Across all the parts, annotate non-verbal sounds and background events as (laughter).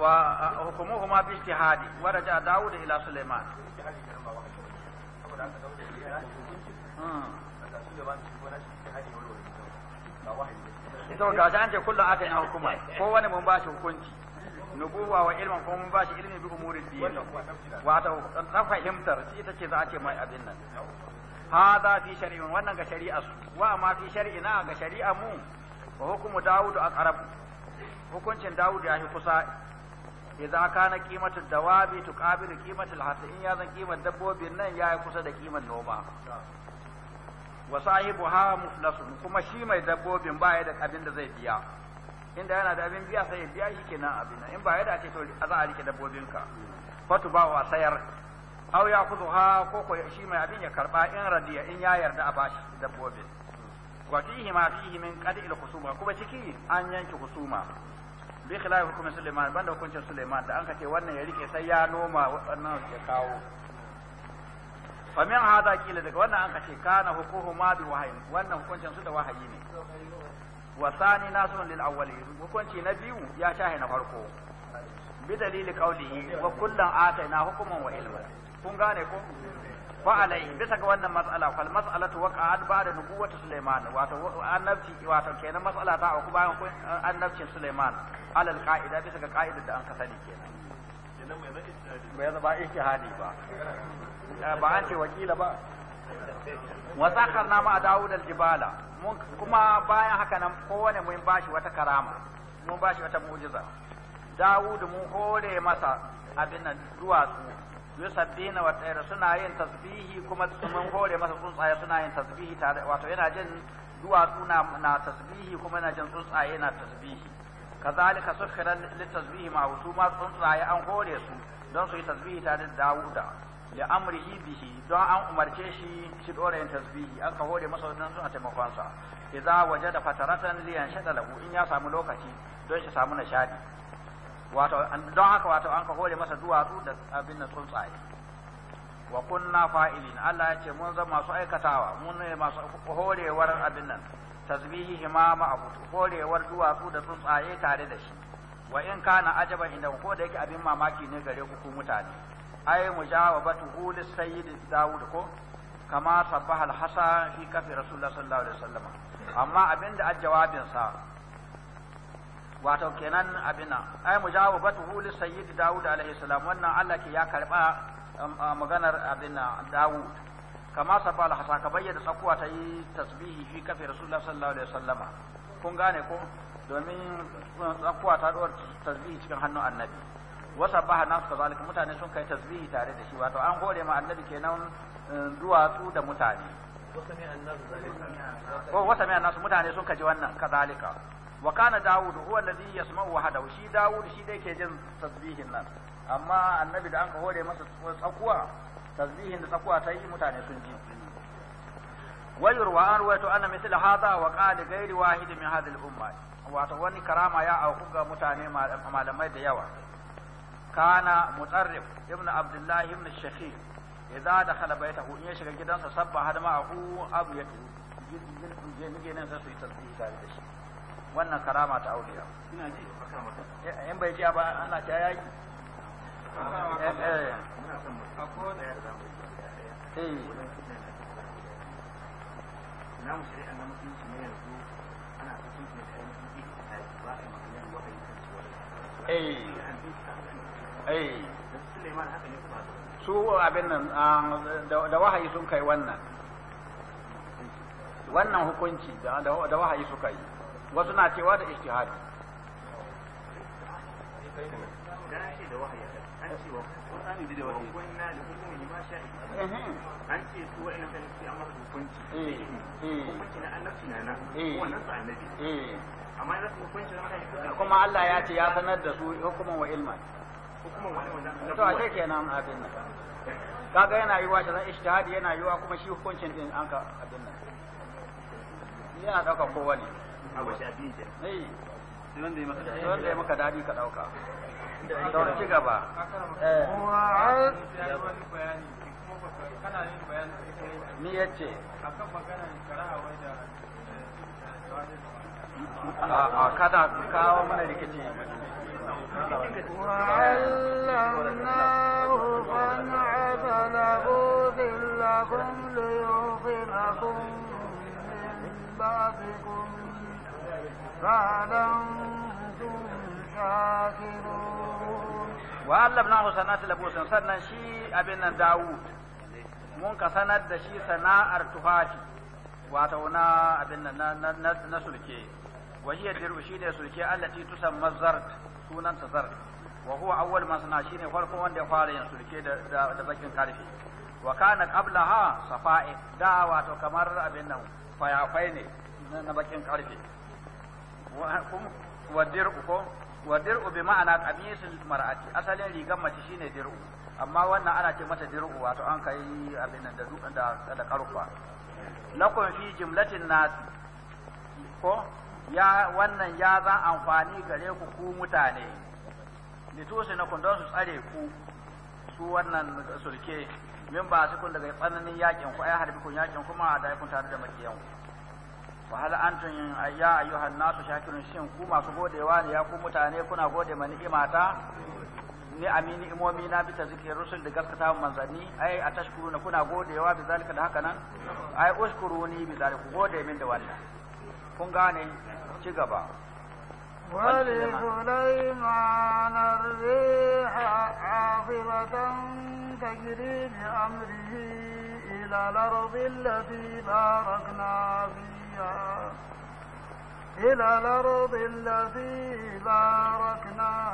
وحكموهما باجتهاد ورجع داود إلى سليمان ito ga ta an ce kullum aka yi hukuma ko wani mun bashi hukunci nubuwa wa ilmin ko mun bashi ilmi bi umurin dini Wata ta fahimtar shi ita ce za a ce mai abin nan hada fi shari'in wannan ga shari'a su wa ma fi shari'ina ga shari'a mu wa hukumu dawudu aqrab hukuncin dawudu ya fi kusa idza kana qimatu dawabi tuqabilu qimatu al-hasad in ya zan qimar dabbobin nan yayi kusa da qimar noma wa ha muflasun kuma shi mai dabbobin baya da abin da zai biya inda yana da abin biya sai ya biya shi kenan abin in ba ya dace to za a rike dabbobin ka fatu ba wa sayar aw ya ha, ko ko shi mai abin ya karba in radiya in ya yarda a bashi dabbobin wa fihi ma fihi min qad'il khusuma kuma ciki an yanke khusuma bi khilafi hukumin Suleiman banda hukuncin Suleiman da an kace wannan ya rike sai ya noma wannan ya kawo fa min hada kila daga wannan an kace kana hukuhuma bi wahyin wannan hukuncin su da wahayi ne wa sani nasun lil awwali hukunci na biyu ya shahi na farko bi dalili qawlihi wa kullan atayna hukuman wa ilma kun gane ko fa alai bisa ga wannan mas'ala fal mas'alatu waqa'at ba'da nubuwwati Sulaiman wato annabci wato kenan mas'ala ta ku bayan annabcin Sulaiman alal ka'ida bisa ga ka'ida da an kasani kenan bai zama ijtihadi ba ba an ce wakila ba wa nama ma daud al jibala kuma bayan haka nan kowane mun bashi wata karama mun bashi wata mu'jiza Dawud mun hore masa abin nan duwatsu yusabbina wa tsayra suna yin tasbihi kuma mun hore masa tsuntsaye suna yin tasbihi tare wato yana jin duwatsu na tasbihi kuma yana jin tsuntsaye na tasbihi kazalika sukhira litasbihi ma hutu ma tsuntsaye an hore su don su yi tasbihi tare da Dawuda da amrihi bihi don an umarce shi shi dora yin tasbihi an ka hore masa don suna taimakon sa idza wajada fataratan liyan in ya samu lokaci don samu nishadi wato don haka wato an ka hore masa duwatsu da abin na tsuntsaye wa kunna fa'ilin Allah ya ce mun zama masu aikatawa mun ne masu horewar abin nan tasbihi ma abu korewar duwatsu da tsuntsaye tare da shi wa in kana ajaban inda ko da yake abin mamaki ne gare ku ku mutane ai mujawabatu hulis sayyid daud ko kama al hasa fi kafi rasulullah sallallahu alaihi wasallam amma abinda ajawabin sa wato kenan abina ai mujawabatuhu li sayyid daud alaihi salam wannan Allah ke ya karba um, maganar abina daud kama safa al-hasa ka bayyana tsakuwa ta yi tasbihi fi kafi rasulullah sallallahu alaihi wasallama kun gane ko domin tsakuwa uh, ta dora tasbihi cikin hannun annabi wasa baha nasu kazalika mutane sun kai tasbihi tare da shi wato an hore ma annabi kenan uh, duwatsu da mutane ko wasa mai nasu mutane sun kaji wannan kazalika wa kana dawud huwa alladhi yasma'u wahdahu shi dawud shi dai ke jin tasbihin nan amma annabi da an ka hore masa tsakuwa tasbihin da tsakuwa ta yi mutane sun ji wayurwa an ruwaito ana misal hada wa qali ghairi wahid min hadhihi al-umma wato wani karama ya auku ga mutane malamai da yawa kana mutarrif ibnu abdullah ibnu shafi idza dakhala baytahu in ya shiga gidansa sabba hadma'ahu abu yatu ginin sa su yi tasbihi tare da shi wannan karama ta auliya ina ji eh, in bai ji ba ana ta yayi su abin nan ah, da wahayi sun kai wannan wannan hukunci da wahayi suka yi wasu na cewa da ijtihadi da an ce wa sai an maka hukunci hukunci na annabci na nan wannan annabi amma hukunci na kuma Allah ya ce ya sanar da su hukuman wa ilma. hukuman wa to a ce kenan abin nan kaga yana yiwa da zan yana yiwa kuma shi hukuncin din an ka abin nan yana dauka eh wanda ya maka dadi ka dauka da ci gaba ni ya ce a kada kawo mana rikici وعلمناه صنعة لبوس لكم ليوفنكم من بعدكم فاعلمتم غافلون وعلمناه صنعة sannan shi, abin أبنا داوود mun ka sanar da shi sana'ar tufafi wato na abin na na sulke wa hiya dirbu shine sulke allati tusamma zart sunan ta wa huwa awwal man sana shine farkon wanda ya fara yin sulke da da bakin karfi wa kana qablaha safa'i da wato kamar abin nan fayafai ne na bakin karfi wa dirbu ko wa dir'u bi ma'ana qamisul mar'ati asalin rigar mace shine dir'u amma wannan ana ce mata dir'u wato an kai abin da duka da da karfa lakum fi jumlatin nas ko ya wannan ya za amfani gare ku ku mutane sai na don su tsare ku su wannan sulke min ba su kun daga tsananin yakin ku ai harbi kun yakin kuma da kun tare da makiyan ku fa hal antum ayya ayyuhan nasu shakirun shin ku masu godewa ne ya ku mutane kuna gode mana ni'imata ni amini imomi na bi ta zikir rusul da gaskata manzanni ai atashkuruna kuna godewa bi zalika da haka nan ai ushkuruni bi zalika gode min da wannan kun gane ci gaba ولسليمان الريح عاصفة تجري بأمره إلى الأرض التي باركنا فيها زكريا إلى الأرض التي باركنا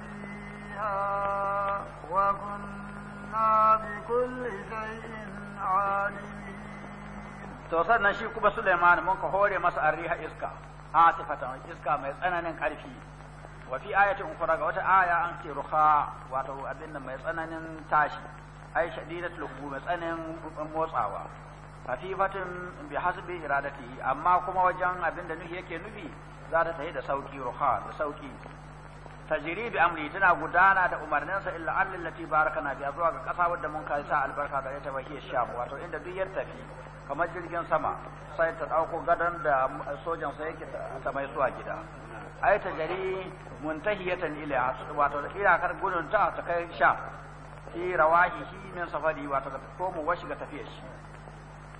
فيها وكنا بكل شيء عالمين to sannan shi kuma Sulaiman mun ka hore masa arriha iska asifatan iska mai tsananin ƙarfi wa fi ayatin ukhra ga wata aya an ce ruha wato abin nan mai tsananin tashi ai shadidatul mai tsananin motsawa khafifatun bi hasbi iradati amma kuma wajen abinda nufi yake nufi za ta tafi da sauki ruha da sauki tajiri bi amri tana gudana da umarninsa illa allati barakana bi zuwa ga kasa wadda mun kai sa albarka gare ita bahiya shabu wato inda duk yar tafi kamar jirgin sama sai ta dauko gadan da sojan sa yake ta mai suwa gida ai tajiri muntahiyatan ila wato iyakar gudun ta ta kai sha fi rawahihi min safari wato ko mu washi ga tafiyar shi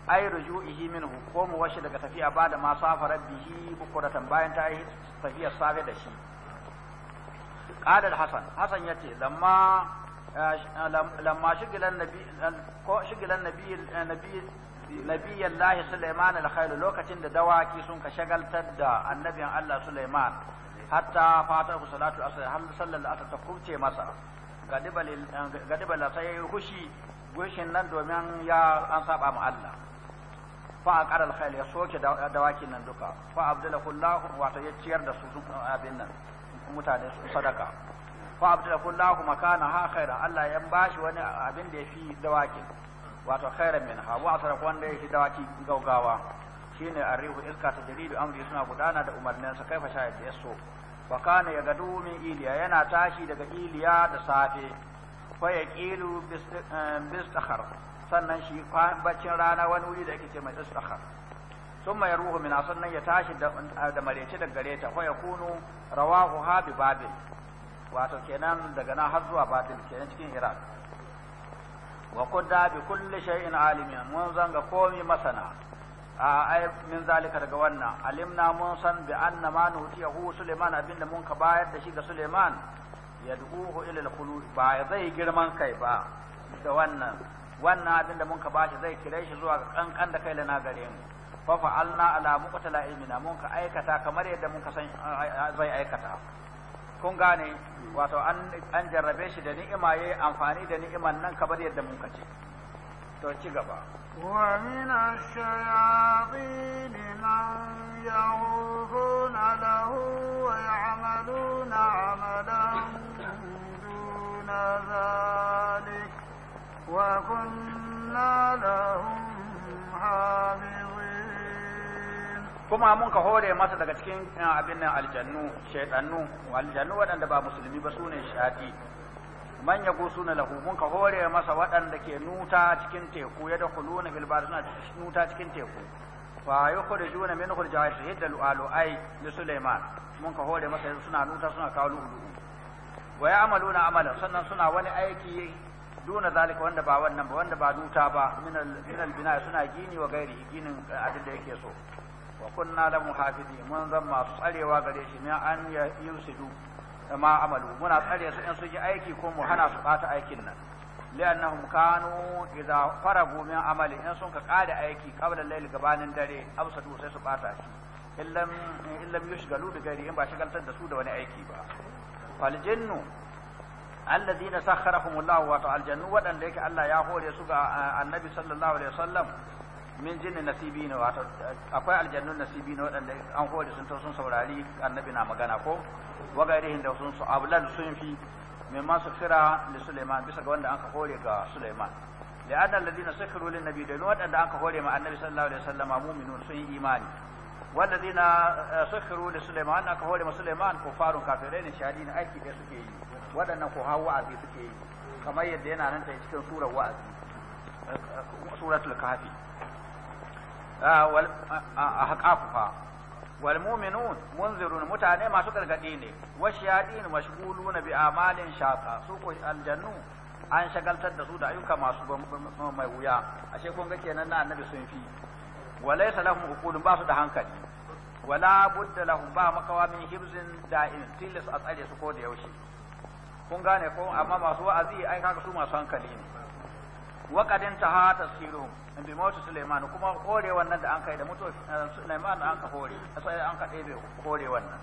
ay ruju'ihi minhu ko mu washi daga tafiya ba da ma safara bihi bukuratan bayan ta yi tafiya safe da shi kadar al-hasan ya yace lamma eh, lamma shigilan eh, nabiyan lahi Sulaiman al lokacin da dawaki sun ka shagaltar da annabiyan Allah Suleiman, hatta fatar ku salatu asr har sallar asr ta kubce masa gadibal eh, gadibal sai hushi gushin nan domin ya an saba ma Allah fa a ƙarar khayar ya soke dawakin nan duka fa abdalahu kullahu wato ya ciyar da su abin nan mutane su sadaka fa abdalahu kullahu makana ha khayra Allah ya bashi wani abin da ya fi dawakin wato khayran min ha wa asara wanda fi dawaki gaugawa shine arihu iska ta jaridu amri suna gudana da umarninsa kai sha yadda ya so wa kana ya gadu min iliya yana tashi daga iliya da safe fa yaqilu bistakhar eh, sannan shi baccin rana wani wuri da yake ce mai istakhar sun mai ruhu mina sannan ya tashi da mareci da gare ta kwaya kunu rawahu ha bi wato kenan daga na har zuwa babin kenan cikin iraq wa kudda bi kulli shay'in alimin mun zanga komi masana a ai min zalika daga wannan alimna mun san bi anna ma nutiyahu suleiman abinda mun ka bayar da shi ga suleiman yad'uhu ila al-khulu ba zai girman kai ba da wannan wannan abin da mun ka bashi zai kire shi zuwa ga kankan da kai lana gare mu fa fa'alna ala muqtala ilmina mun ka aikata kamar yadda mun ka san zai aikata kun gane wato an an jarrabe shi da ni'ima yayi amfani da ni'iman nan kamar yadda mun ka ce to ci gaba wa min ash-shayatin man yawfuna lahu wa ya'maluna amalan duna dhalik Kuma وكنا لهم حافظين كما من كهوري ما تدقتكين أبنا الجنو شيطانو والجنو ba دبا مسلمي بسوني شادي man ya na lahu mun ka hore masa waɗanda ke nuta cikin teku ya da kuluna fil bar suna nuta cikin teku fa yukhrijuna min khurjai shahidal alu'ai li sulaiman mun ka hore masa suna nuta suna kawo lu'lu'u wa ya'maluna amalan sannan suna wani aiki duna zalika wanda ba wannan ba wanda ba duta ba min al bina suna gini wa gairi ginin abin da yake so wa kunna la muhafizi mun zan masu tsarewa gare shi min an ya yusidu ma amalu muna tsare su in su ji aiki ko mu hana su bata aikin nan li'annahum kanu idza faragu min amali in sun ka kada aiki qabla al-layl gabanin dare absadu sai su bata shi illam illam yushgalu bi gairi in ba shagaltar da su da wani aiki ba fal jinnu alladhina sakharahumullahu wa ta'ala jannu wadanda yake Allah ya hore su ga annabi sallallahu alaihi wasallam min jinni nasibin wato akwai nasibi ne wadanda an hore sun sun saurari annabi na magana ko wa gairihin da sun su ablal sun fi min mimma kira li Sulaiman bisa ga wanda anka hore ga Sulaiman li'anna alladhina sakharu lin nabi da wadanda anka hore ma annabi sallallahu alaihi wasallam mu'minun sun yi imani والذين سخروا لسليمان aka hore Sulaiman kufarun kafirai ne shahadi ne aiki da suke yi waɗannan ko hawa wa'azi suke yi kamar yadda yana nan ta cikin surar wa'azi suratul kahfi a haƙafufa wal mu'minun munzirun mutane masu gargaɗi ne washiyadin mashghuluna bi amalin shaqa su ko aljannu an shagaltar da su da ayyuka masu mai wuya ashe kun ga kenan na annabi sun fi walai lahum uqulun ba su da hankali wala budda lahum ba makawa min hibzin da tilas a tsare su ko da yaushe kun gane ko amma masu wa'azi ai kaga su masu hankali ne wa qadin taha tasiruhum bi mawt kuma kore wannan da an kai da mutu eh, Sulaiman an ka kore sai an ka ɗebe kore wannan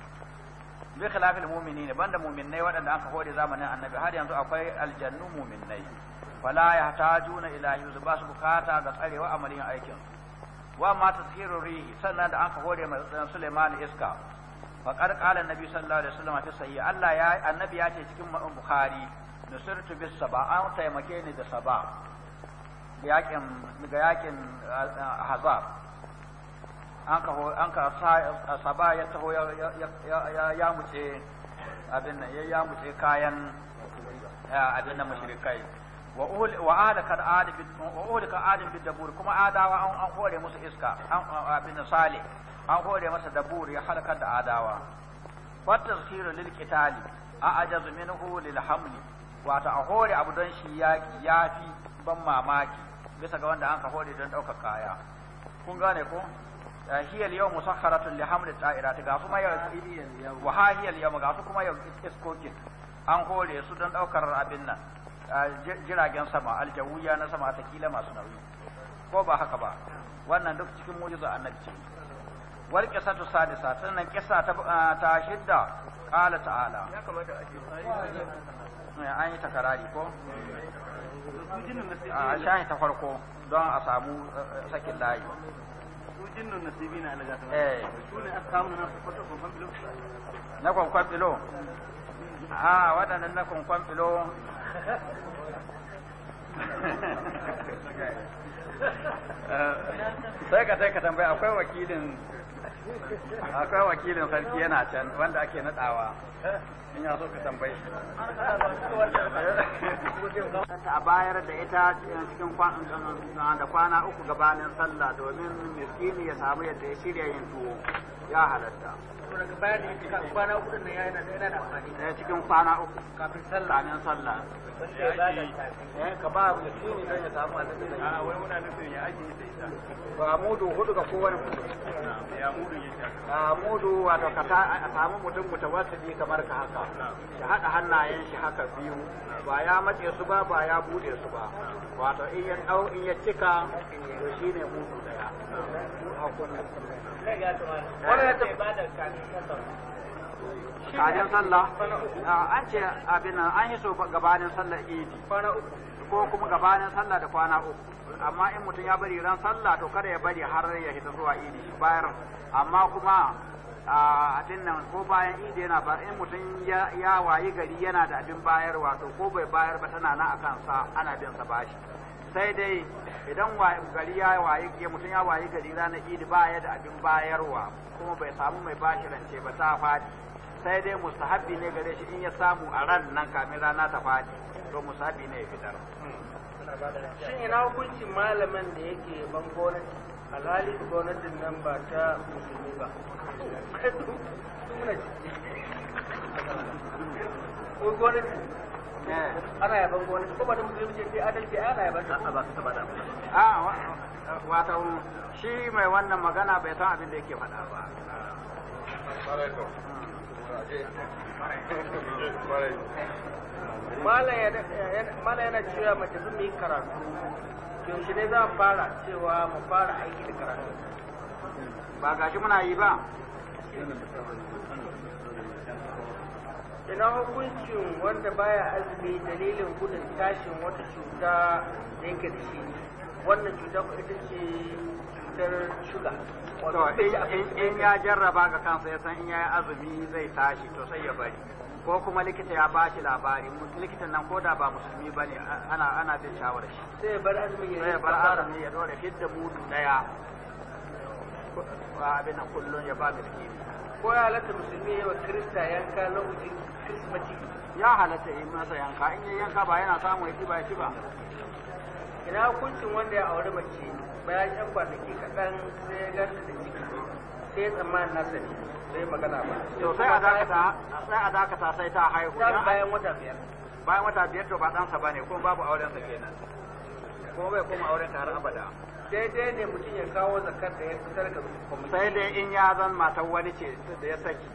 bi khilafil mu'minin banda mu'minnai waɗanda an ka kore zamanin annabi har yanzu akwai aljannu mu'minnai fala yahtajuna ila yuzba su bukata ga tsarewa amalin aikin wa ma tashiru rihi sannan da anka hore mai tsanan Sulaiman iska fa qad qala annabi sallallahu alaihi wasallam fi sayyi Allah ya annabi ya ce cikin Bukhari nusirtu bis saba an taimake ni da saba yakin ga yakin eh, hazab an ka an ka eh, saba ya taho ya ya ya abin nan ya ya muce kayan eh, abin nan mushrikai wa ahalakar adabin wa ahalakar adabin kuma adawa an hore musu iska an abin sale an hore masa dabur ya halakar da adawa wa tazkiru a ajazu minhu lil hamli wato a hore abu don shi yaki yafi ban mamaki bisa ga wanda an ka hore don ɗaukar kaya kun gane ko hiya al musakharatun li hamli ta'ira ga kuma yau wa hiya al ga kuma yau iskokin an hore su don ɗaukar abin nan jiragen sama aljawuya na sama ta kila masu nauyi ko ba haka ba wannan duk cikin mujizu annabi ce wal qisatu sadisa sannan qissa ta ah, ta shidda qala ta'ala ya kamata a an yi takarari eh, ko a ah, shahi ta farko don a samu eh, eh, sakin layi jinnun nasibi na alaga ta eh su ne aka samu na kwankwan filo na kwankwan filo mm. a ah, wadannan na kwankwan filo (laughs) sai ka sai ka tambaya akwai wakilin akwai wakilin sarki yana can wanda ake nadawa in ya so ka tambaye shi a bayar da ita cikin da kwana uku gabanin sallah domin miskini ya samu yadda ya shirya yin tuwo ya halatta daga baya da yake kwana uku yana yana da amfani cikin kwana uku kafin sallah sallah eh ka ba mu shi ne samu a wai muna nufin ya ake ba mudu hudu ga kowane mutum ya mudu yake a mudu wato ka a samu mutum kamar ka haka shi hada hannayen shi haka biyu ba ya matse su ba ba ya bude su ba wato in ya dau in ya cika to shine mudu daya kajin sallah ah, an ce abin nan an yi so gabanin sallah idi ko kuma gabanin sallah da kwana uku amma in mutum ya bari ran sallah to kada ya bari har ya hita zuwa idi shi bayar amma kuma a ah, abin nan ko bayan idi yana ba in mutum ya wayi gari yana da abin bayarwa to ko bai bayar ba tana na akan sa ana bin sa bashi sai dai idan gari ya wayi ya mutum ya wayi gari ranar ba baya da abin bayarwa kuma bai samu mai bashi rance ba ta fadi sai dai musahabi ne gare shi in ya samu a ran nan kamin rana ta fadi to musahabi ne ya fitar shin ina hukuncin malamin da yake ban gwamnati alhali gwamnatin nan ba ta musulmi ba ko gwamnati Eh. ana yaban wani kuma da mutum ce a ba bada a wannan magana bai san abin da yake faɗa ba mala yana cewa mace yi karatu yaushe ne za a fara cewa mu fara aiki da karatu ba gashi muna yi ba ina hukuncin wanda baya azumi dalilin gudun tashin wata cuta da yake da shi wannan cuta ko ita ce cutar shuga to in ya jarraba ga kansa ya san in ya yi azumi zai tashi to sai ya bari ko kuma likita ya bashi labari likitan nan ko da ba musulmi bane, ana ana bin shawarar shi sai bar azumi ya bar azumi ya dore fidda mutu daya abin nan kullun ya ba miskini ko ya lata musulmi ya wa kirista yanka lokacin ya halatta yi masa yanka in yi yanka ba yana samun yaki ba ya ci ba ina hukuncin wanda ya auri mace bayan yan kwanaki kaɗan sai ya gasa da ciki sai tsammanin nasa ne sai magana ba to sai a dakata sai a dakata sai ta haihu bayan wata biyar bayan wata biyar to ba ɗansa ba ne kuma babu aurensa kenan kuma bai koma auren ta har abada daidai ne mutum ya kawo zakar da ya fitar da kwamiti sai dai in ya zan matan wani ce da ya saki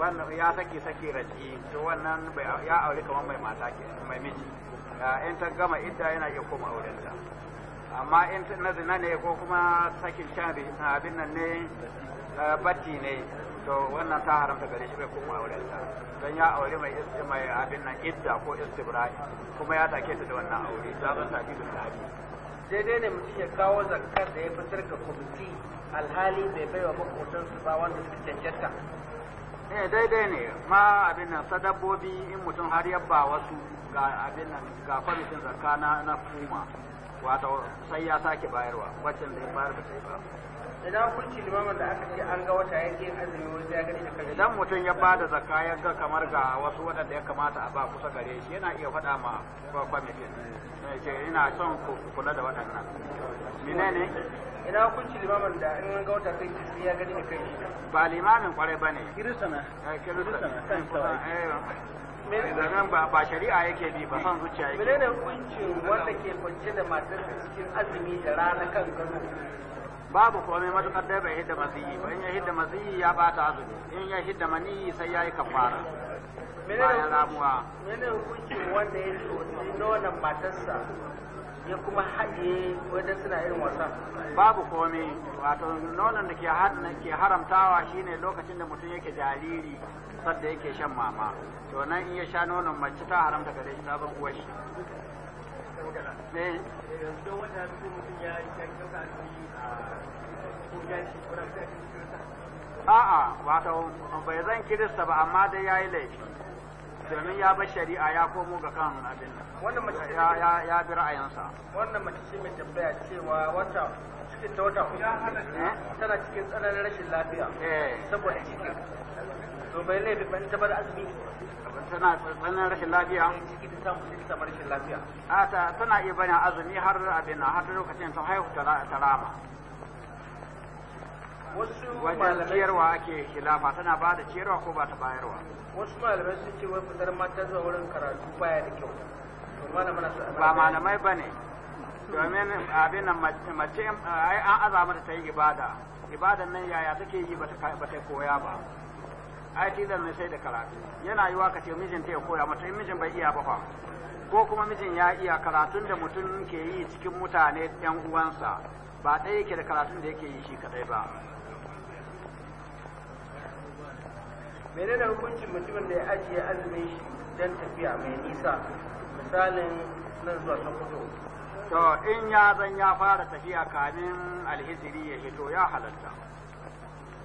wannan ya sake sake raji to wannan ya aure kamar mai mata ke mai miji in ta gama idda yana iya koma auren ta amma in na zina ne ko kuma sakin shari abin nan ne eh, batti ne to wannan ta haramta gare shi bai koma auren ta don ya aure mai mai abin nan idda ko istibrai kuma ya take ta da wannan aure ta zan tafi da tafi daidai ne mutum ya kawo zakar da ya fitar ga kwamiti alhali bai baiwa makotansu ba wanda suka cancanta eh daidai ne ma abin nan sadabbobi in mutum har yabba wasu ga abin nan ga kwamitin zakka na na kuma wato sai ya sake bayarwa waccan da ya bayar da sai ba idan kun ci da aka ce an ga wata yake azumi wani ya gani da idan mutum ya bada zakka ya ga kamar ga wasu waɗanda ya kamata a ba kusa gare shi yana iya faɗa ma kwamitin ce eh, ina son kula da waɗannan menene ina hukunci limamin da in ga wata kai sai ya gani kai ba limamin kwarai bane kiristana eh kiristana nan eh, ba ba shari'a yake bi ba san zuciya yake menene hukuncin wanda ke kwance da matar cikin azumi da rana kan gado babu komai matukar dai bai hidda maziyi ba in ya hidda maziyi ya bata azumi in ya hidda maniyi sai ya yi kafara bayan ramuwa menene hukuncin wanda ya so nonon matarsa ya kuma haɗe wajen suna irin wasa babu komai wato nonon da ke haramtawa shine lokacin da mutum yake jariri sadda yake shan mama to nan in ya sha nonon mace ta haramta gare shi sabon uwar shi a'a wato bai zan kirista ba amma dai yayi laifi domin ya bar shari'a ya komo ga kan abin nan wannan mace ya ya ya bi ra'ayinsa wannan mace ce mai tambaya cewa wata cikin ta wata eh? tana cikin tsananin rashin lafiya eh. saboda ciki to bai laifi ban ta bar azumi tana tsananin rashin lafiya rashin lafiya a ta tana iya bani azumi har abin nan har lokacin ta haihu ta rama wasu malamai ciyarwa ake khilafa tana ba da ciyarwa ko ba ta bayarwa wasu malamai sun ce wai fitar mata zuwa wurin karatu baya da kyau ba malamai ba ne domin abin nan mace an mata ta yi ibada ibadan nan yaya take yi ba ta koya ba ai tilan ne sai da karatu yana yiwa ka ce mijin ta ya koya mata in mijin bai iya ba fa ko kuma mijin ya iya karatun da mutum ke yi cikin mutane yan uwansa ba ɗaya yake da karatun da yake yi shi kadai ba menene hukuncin mutumin da ya ajiye azumin shi don tafiya mai nisa misalin nan zuwa sokoto to in ya zan ya fara tafiya kamin alhijiri ya hito ya halatta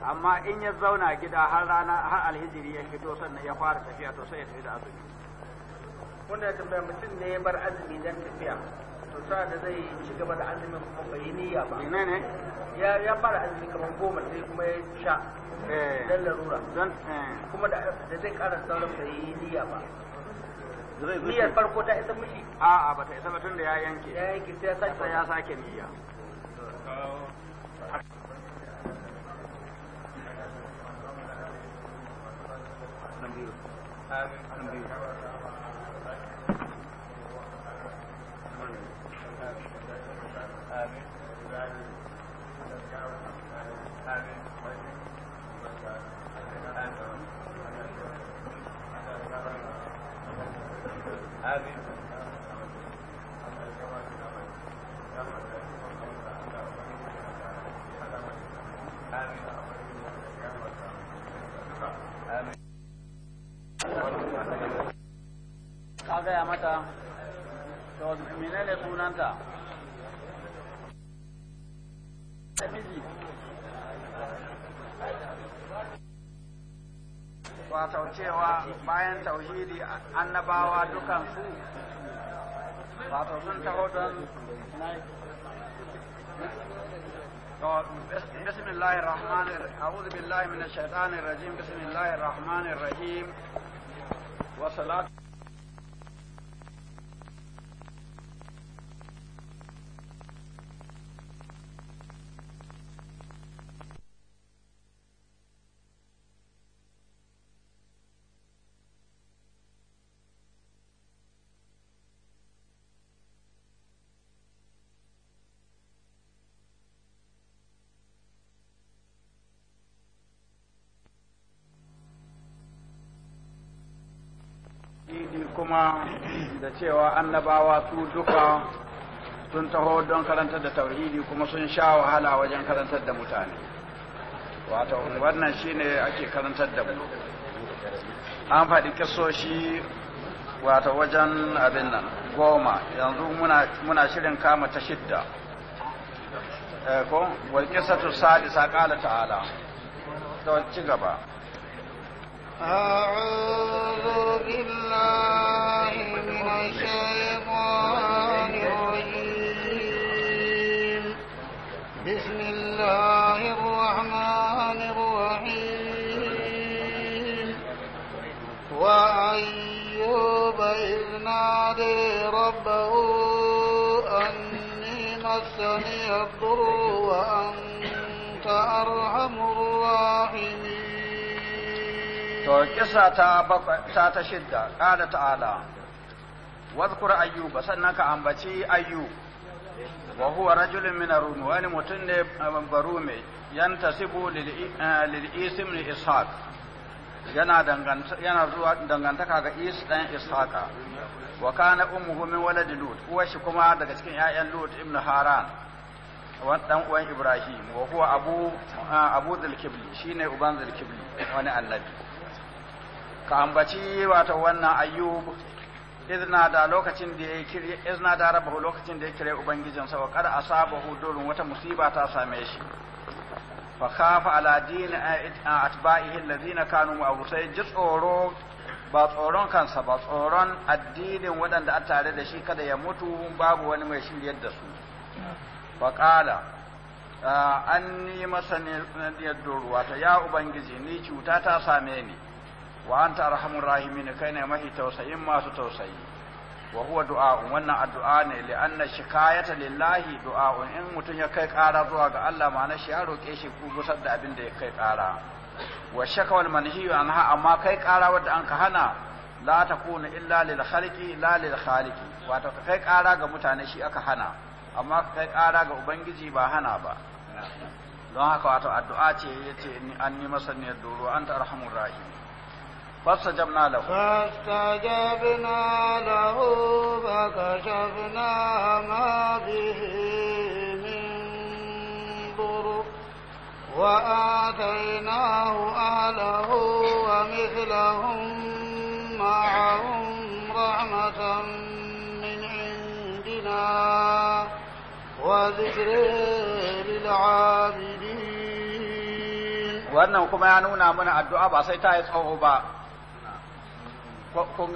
amma in ya zauna gida har rana har alhijiri ya hito sannan ya fara tafiya to sai ya tafi da azumi wanda ya tambaya mutum ne ya bar azumi don tafiya sa da zai ci gaba da azumin kuma bai niyya ba menene ya ya fara azumi kamar goma sai kuma ya sha eh. dan larura eh. kuma da zai ƙara sauran bai niyya ba niyyar farko ta isa mishi a'a ba ta isa ba tunda ya yanke ya yanke sai ya sake ya sake niyya Thank you. تقول أنت cewa bayan tauhidi annabawa dukansu wato sun taho don بسم الله الرحمن أعوذ بالله من الشيطان الرجيم بسم الله الرحمن الرحيم وصلاة kuma da cewa annabawa su duka sun taho don karantar da tauhidi kuma sun sha wahala wajen karantar da mutane wato wannan shine ake karantar da mu an faɗi kisoshi wato wajen abin nan goma yanzu muna shirin kama ta shidda eh, ko wal qissatu sadisa qala ta'ala to ci gaba أعوذ بالله ينادي To, kisa ta ta shidda, ƙada ta'ala, wadkur ayyuba sannan ka ambaci ayyub, wa huwa rajulun min rumi wani mutum ne eh, barume, yantasibu lil isim eh, li ishaq yana dangantaka ga is ɗan ishaqa wa kana ummuhu min walad lut uwar shi kuma daga cikin ƴaƴan lut ibnu haran wan dan uwan ibrahim wa huwa abu abu kibli shine uban kibli wani annabi ka ambaci wato wannan ayyub izna da lokacin da ya kire izna da rabahu lokacin da yake kire sa wa kada asabahu durun wata musiba ta same shi fa khafa ala din atba'ihi alladhina kanu mu'awsay ji tsoro ba tsoron kansa ba tsoron addinin waɗanda a tare da shi kada ya mutu babu wani mai shiryar da su faƙala an ni masa nadiyar ruwa ta ya ubangiji ni cuta ta same ni wa an ta rahamun rahimini kai ne mahi tausayin masu tausayi wa huwa du'a'un wannan addu'a ne shi shikayata lillahi du'a'un in mutum ya kai ƙara zuwa ga Allah ma'ana shi ya roƙe shi ku gusar da abin da ya kai ƙara wa wal manhiyu anha amma kai kara wadda an ka hana la ta takunu illa lil khaliqi la lil khaliqi wato kai kara ga mutane shi aka hana amma kai kara ga ubangiji ba hana ba don haka wato addu'a ce yace an yi masa ne doro anta arhamur rahim فاستجبنا له فاستجبنا له فكشفنا ما به وآتيناه أهله ومثلهم معهم رحمة من عندنا وذكر للعابدين wannan kuma ya nuna mana addu'a ba sai ta yi tsawo ba kun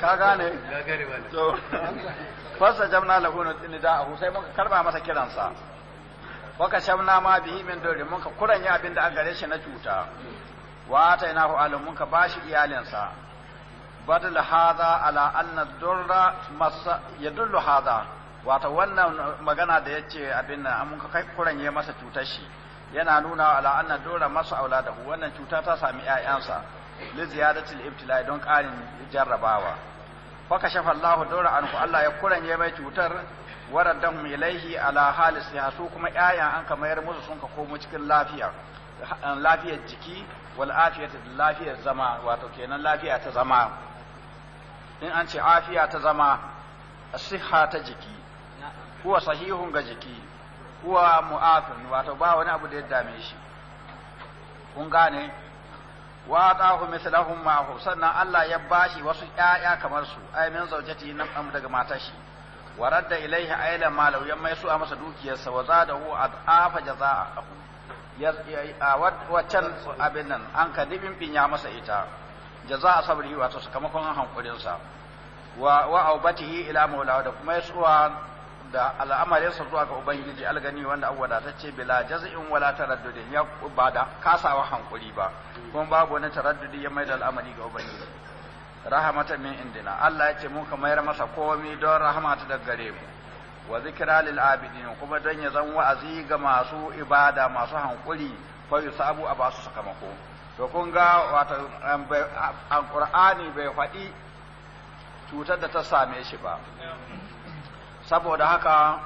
ka gane to fasa jamna lahu nida'ahu sai muka karba masa kiransa waka shamna ma bihi min dori muka kuranya abinda an gare shi na cuta wa ta ina hu alim muka bashi iyalinsa badal hadha ala anna durra masa yadullu hadha wata wannan magana da yace abin nan an muka kai kuranye masa cutar shi yana nuna ala anna durra masa auladahu wannan cuta ta sami ƴaƴansa li ziyadatil ibtila don ƙarin jarrabawa fa kashafa Allah dora anku Allah ya kuranye mai cutar waraddahum ilaihi ala halis ya su kuma ƴaƴan an ka mayar musu sun ka komo cikin lafiya lafiyar jiki wal afiyatu lafiyar zama wato kenan lafiya ta zama in an ce afiya ta zama siha ta jiki huwa sahihun ga jiki huwa mu'afin wato ba wani abu da ya dame shi kun gane wa atahu ma hu, sannan Allah ya bashi wasu 'ya'ya kamar su ay min zawjati nan am daga matar shi wa radda ilaihi ayla malau yamma yasu a masa dukiyarsa wa zadahu adafa jazaahu ya wacan abin nan an kadibin bin ya masa ita jazaa sabri wato sakamakon hankulinsa wa wa aubatihi ila maula da kuma yasuwa da al'amarin su zuwa ga ubangiji algani wanda an wadatacce bila jaz'in wala taraddudin ya ba da kasawa hankuri ba kuma babu wani taraddudi ya mai da al'amari ga ubangiji rahamata min indina Allah ya ce mun ka mayar masa komai don rahamata ta gare mu wa zikra lil abidin kuma don ya zan wa'azi ga masu ibada masu hankuri fa yusabu a basu sakamako to kun ga wato alqur'ani bai faɗi cutar da ta same shi ba saboda haka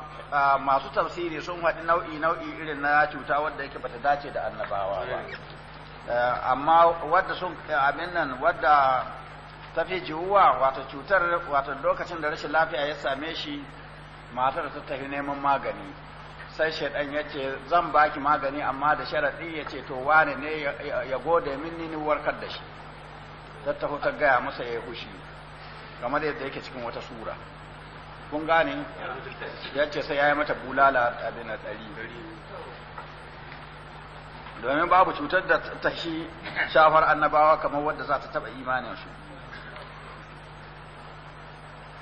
masu tafsiri sun haɗi nau'i nau'i irin na cuta wadda yake bata dace da annabawa ba amma wadda sun abin nan wadda ta fi jiwuwa wato cutar wato lokacin da rashin lafiya ya same shi matar ta tafi neman magani sai shaidan ya ce zan baki magani amma da sharaɗi ya ce to wane ne ya gode min ni warkar da shi ta hutar gaya masa ya yi hushi game da yadda yake cikin wata sura kun gane ya ce sai ya yi mata bulala abin a ɗari domin babu cutar da ta shi shafar annabawa kamar wadda za ta taɓa imanin su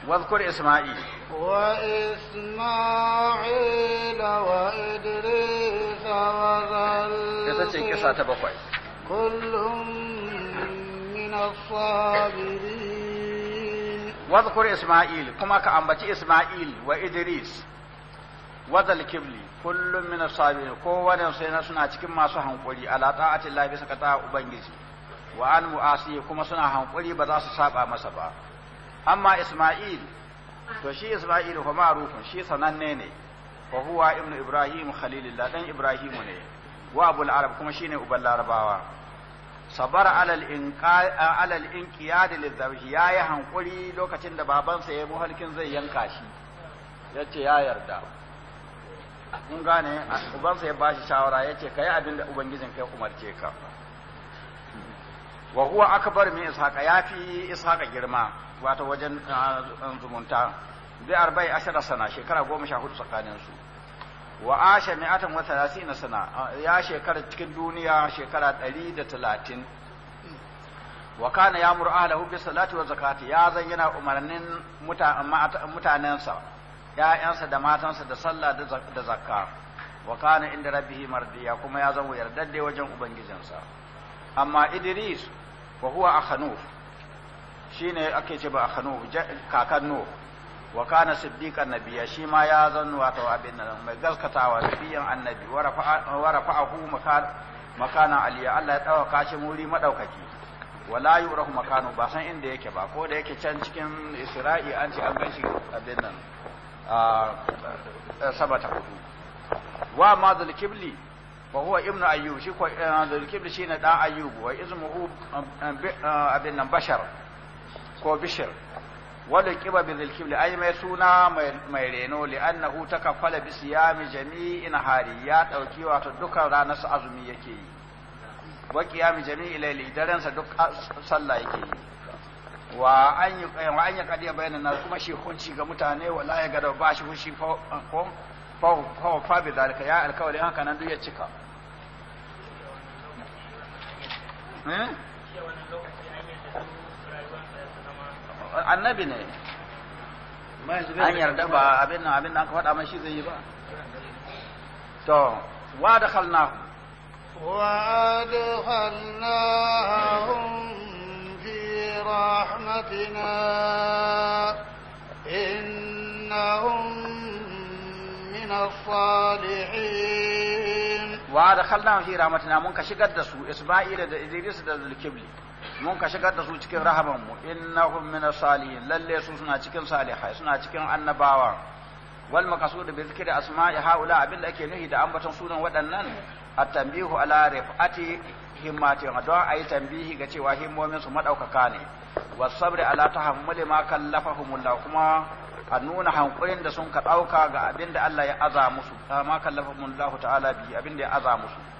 واذكر إسماعيل وإسماعيل وإدريس ta bakwai. من الصابرين واذكر Isma'il kuma ka ambaci Isma'il wa Idris كل من الصابرين كوانا سينا سنا cikin masu hankuri ala ta'ati Allah bisa ka ta'a ubangiji wa an mu'asi kuma suna hankuri ba za su saba masa ba amma Isma'il to shi Isma'il fa ma'rufun shi sananne ne wa ibnu Ibrahim khalilillah dan Ibrahim ne wa abul arab kuma shine uban larabawa sabar alal inkiya inqiyad ya yi hankuri lokacin da babansa ya halkin zai yanka shi yace ya yarda kun gane ubansa ya bashi shawara yace kai abin da ubangijin kai umarce ka wa huwa bar min ishaqa fi ishaqa girma wata wajen zumunta bi arba'i ashara sana shekara 14 tsakanin su wa asha mi'atan wa na sana ya shekara cikin duniya shekara 130 wa kana mura ahlahu bis salati wa zakati ya zan yana umarnin mutanensa ya'yansa da matansa da sallah da zakka wa kana inda rabbihi mardiya kuma ya zan yardadde wajen ubangijinsa amma idris wa huwa akhanuf shine ake ce ba akhanuf kakan nuh وكان صديق النبي شيما يازن واتوا بين مي غلكتا وفي النبي ورفع ورفعه مكان مكان علي الله يتوا كاشي موري مدوكي ولا يره مكانه باسن اند يكي با كو ده يكي كان cikin اسرائي انت ان غشي ابين نان ا آه، آه، سبت و ما ذل كبلي وهو ابن ايوب شي كو آه، ذل كبلي شي دا ايوب واذ مو ابين بشر كو بشر wala kiba bi zilkibli mai suna mai reno li annahu takaffala bi siyami jami'in hari dauki wato ranar azumi yake yi wa jami'i layli daren sa duk sallah yake yi wa an yi wa an yi kadiya bayanan na kuma shi hunci ga mutane wala ya gada ba shi hunci fa fa fa fa bi zalika ya alkawari haka nan duk ya cika eh annabi ne an yarda ba abin nan abin nan aka faɗa mai shi zai yi ba to wa da khalna wa da khalnahum fi rahmatina innahum min as-salihin wa da fi rahmatina mun ka shigar da su isma'ila da idris da zulkibli mun ka shigar da su cikin rahaman mu innahum min salihin lalle su suna cikin salihai suna cikin annabawa wal maqsud bi zikri asma'i haula abin da ake nuhi da ambaton sunan waɗannan at-tanbihu ala rifati himmatin don yi tambihi ga cewa himmomin su madaukaka ne was sabri ala tahammuli ma kallafahumullah kuma a nuna hankulin da sun ka dauka ga abin da Allah ya aza musu ma kallafahumullah ta'ala bi abin da ya aza musu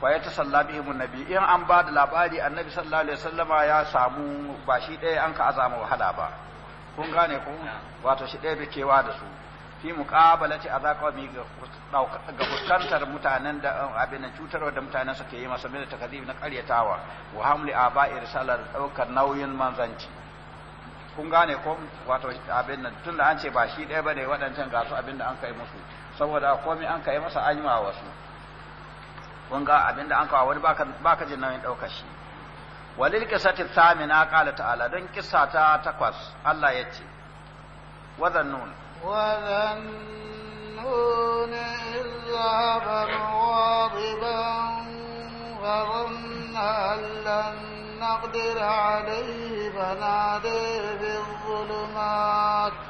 Wa ya ta salla bihim nabi in an ba da labari annabi sallallahu alaihi wasallama ya samu ba shi ɗaya an ka azama wahala ba kun gane ko wato shi ɗaya bikewa da su fi muqabalati azaqami ga ga fuskantar mutanen da abin nan cutar da mutanen suke yi masa mai takazib na karyatawa wa hamli aba'i risalar daukar nauyin manzanci kun gane ko wato abin nan tunda an ce ba shi ɗaya bane waɗancan ga su abin da an kai musu saboda komai an kai masa an yi wasu kun ga abinda an kawo wani baka ka jin nauyin ɗauka shi walil kisati thamina qala ta'ala don kissa ta takwas Allah ya ce wadhannun wadhannun illa ghadiban وظن naqdir alayhi banade فنادي zulumat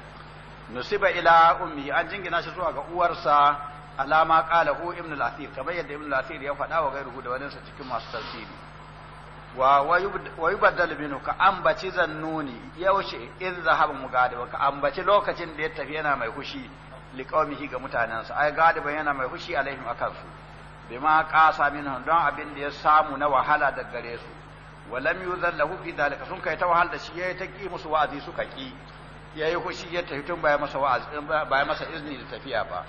nusiba ila ummi an jingina shi zuwa ga uwarsa alama qala hu ibn al-athir kamar yadda ibn al-athir ya faɗa wa gairu da wadansa cikin masu tafsiri wa wa yubaddal binu ka ambaci zannuni yaushe in zahaba mugadiba ka ambaci lokacin da ya tafi yana mai hushi liqaumihi ga mutanansa ai gadiban yana mai hushi alaihim akan su bima qasa minhu don abin da ya samu na wahala da gare su lam yuzallahu fi dalika sun kai ta wahala da shi yayi ta ki musu wa'azi suka ki ya yi hushi ya tafi tun baya masa wa'az baya masa izini da tafiya ba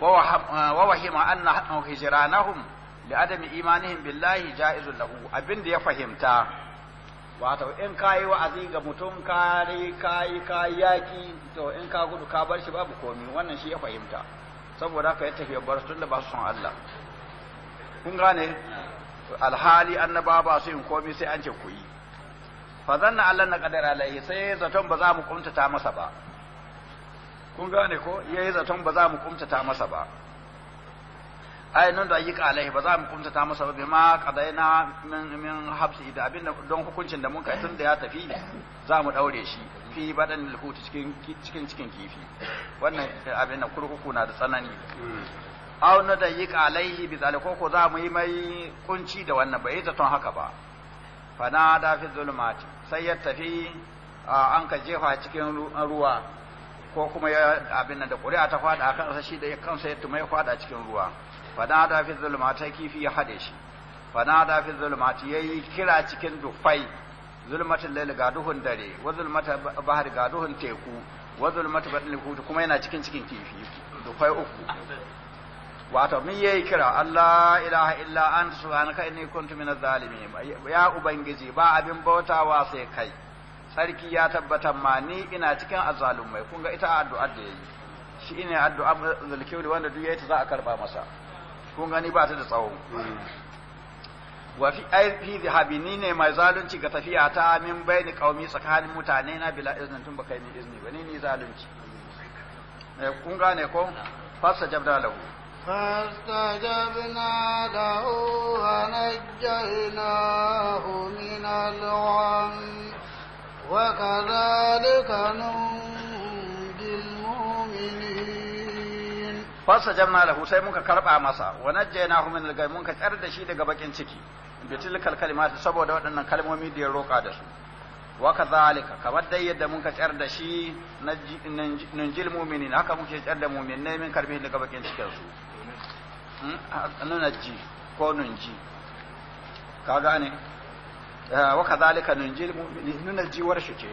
wa eh, wahima anna hijranahum li adami imanihim billahi jaizun lahu abinda ya fahimta wato in kayi wa'azi ga mutum kare kayi kayi yaki to in ka gudu ka bar shi babu komi wannan shi ya fahimta saboda haka ya tafi bar tun da ba su son Allah kun gane alhali annaba ba su yin komi sai an ce ku yi fa zanna Allah na qadara alaihi sai zaton ba za mu kumtata masa ba kun gane ko yayi zaton ba za mu kumtata masa ba ai nan da yi alaihi ba za mu kumtata masa ba bima qadaina min min habsi da abin don hukuncin da mun kai tun da ya tafi za mu daure shi fi badan alhut cikin cikin cikin kifi wannan abin na kurkuku na da tsanani hmm. aw na da yi alaihi bi zalika ko za mu yi mai kunci da wannan bai zaton haka ba da fi zulmati sai ya tafi an ka jefa cikin ruwa ko kuma ya abin nan da ƙuri'a ta fada akan kansa shi da kansa ya tuma ya fada cikin ruwa da fi zulmati kifi ya hade shi da fi zulmati yayi kira cikin dufai zulmatin lail ga duhun dare wa zulmata bahar ga duhun teku wa zulmata batil kuma yana cikin cikin kifi dufai uku wato mun yayi kira Allah ilaha illa anta subhanaka inni kuntu minaz zalimin ya ubangiji ba abin bautawa sai kai sarki ya tabbatar ma ni ina cikin azzalumai kun ga ita addu'a da yayi shi ina addu'a zulkiwli wanda duk yayi ta za a karba masa kun gani ba ta da tsawo wa fi aifi zahabi ni ne mai zalunci ga tafiya ta min bayni kaumi tsakanin mutane na bila iznin tun baka yi izini ba ni ni zalunci eh, kun gane ko fasa jabda lahu فاستجبنا له ونجيناه من الغم وكذلك ننجي المؤمنين فاستجبنا له سي muka karba masa ونجيناه من الغم muka tsar da shi daga bakin ciki bitilkal kalimat saboda waɗannan kalmomi da ya roƙa da su wa kadhalika kamar dai yadda ka tsar da shi nanjil mu'minin haka muke tsar da ne min karbi daga bakin cikin Nuna ji ko nunji ka gane wa kadhalika nunji nunajji warshe ce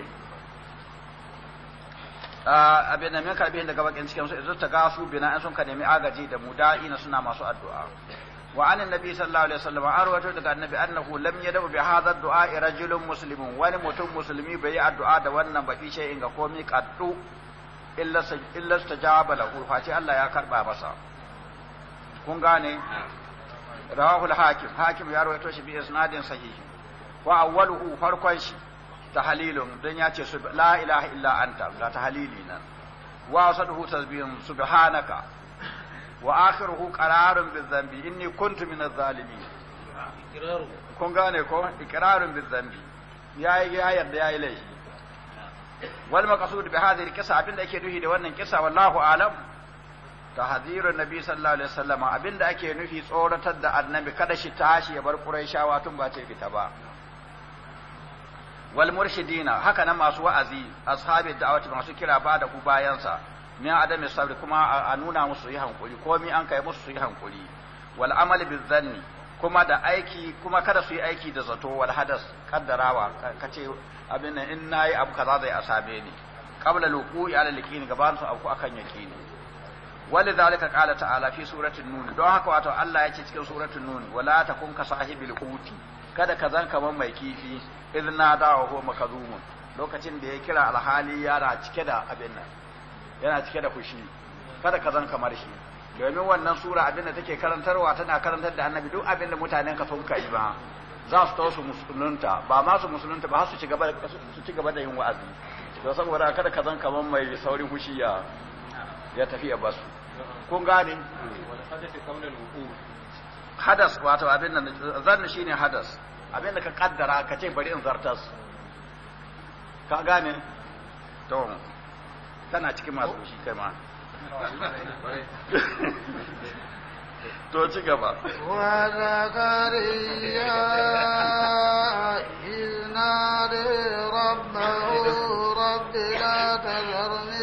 A da muka bihin daga bakin cikin su idan ta gasu bina an sun ka nemi agaji da muda'i na suna masu addu'a wa an annabi sallallahu alaihi wasallam an rawaito daga annabi annahu lam yadu bi hadha du'a rajulun muslimun wani mutum musulmi bai yi addu'a da wannan baki shay'in ga komai kaddu illa illa tajaba lahu fa Allah ya karba masa kun gane rawahu hakim hakim ya rawaito shi bi isnadin sahihi wa awwaluhu farkon shi tahlilun dan ya ce la ilaha illa anta ga tahlili nan wa asaduhu tasbihun subhanaka wa akhiruhu qararun dhanbi inni kuntu min az-zalimin kun gane ko iqrarun bizambi yayi ya yarda yayi laifi wal maqsud bi hadhihi al-qissa abinda yake duhi da wannan kisa wallahu alam tahzirun nabi sallallahu alaihi wasallam abinda ake nufi tsoratar da annabi kada shi tashi ya bar quraishawa tun ba ce fita ba wal murshidina haka nan masu wa'azi ashabi da'awati masu kira ba da ku bayansa min adami sabri kuma a nuna musu yi hankuri mi an kai musu su yi hankuri wal amali bizanni kuma da aiki kuma kada su yi aiki da zato wal hadas kaddarawa kace abin nan in nayi abu kaza zai asabe ni qabla luqui ala likini gaban su abu akan yakini ولذلك قال تعالى في سورة النون don haka wato Allah ya ce cikin suratul nun wala takun ka sahibil quti kada ka zan kaman mai kifi idna dawo ko makazumun lokacin da ya kira alhali yana cike da abin nan yana cike da fushi kada ka zan kamar shi domin wannan sura abin da take karantarwa tana karantar da annabi duk abin da mutanen ka sun kai ba za su tawo su musulunta ba ma su musulunta ba su ci gaba su ci gaba da yin wa'azi don saboda kada ka zan kaman mai saurin fushi ya ya tafi ya basu kun gane hadas wato abin nan zanna shine hadas abin da ka kaddara ka ce bari in zartas ka gane to tana cikin masu shi kai ma (laughs) to ci gaba wa zakariya de rabbahu rabbi la tazarni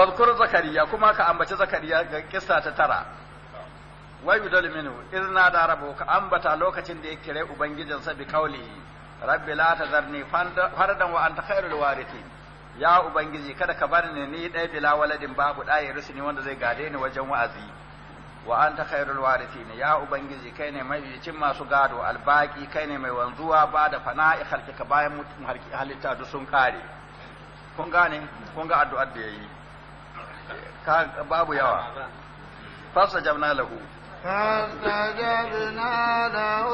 wadhkur zakariya kuma ka ambaci zakariya ga kissa ta tara wa yudal minhu izna da ka ambata lokacin da ya kire ubangijinsa bi qawlihi rabbi la tazarni fardan wa anta khairul warithin ya ubangiji kada ka bar ni ni dai bila waladin babu dai rusuni wanda zai gade ni wajen wa'azi wa anta khairul warithin ya ubangiji kai ne mai bicin masu gado albaki kai ne mai wanzuwa ba da fana'i khalqika bayan mutum halitta duk sun kare kun gane kun ga addu'ar da yayi babu yawa fasa jabna lahu فاستجبنا له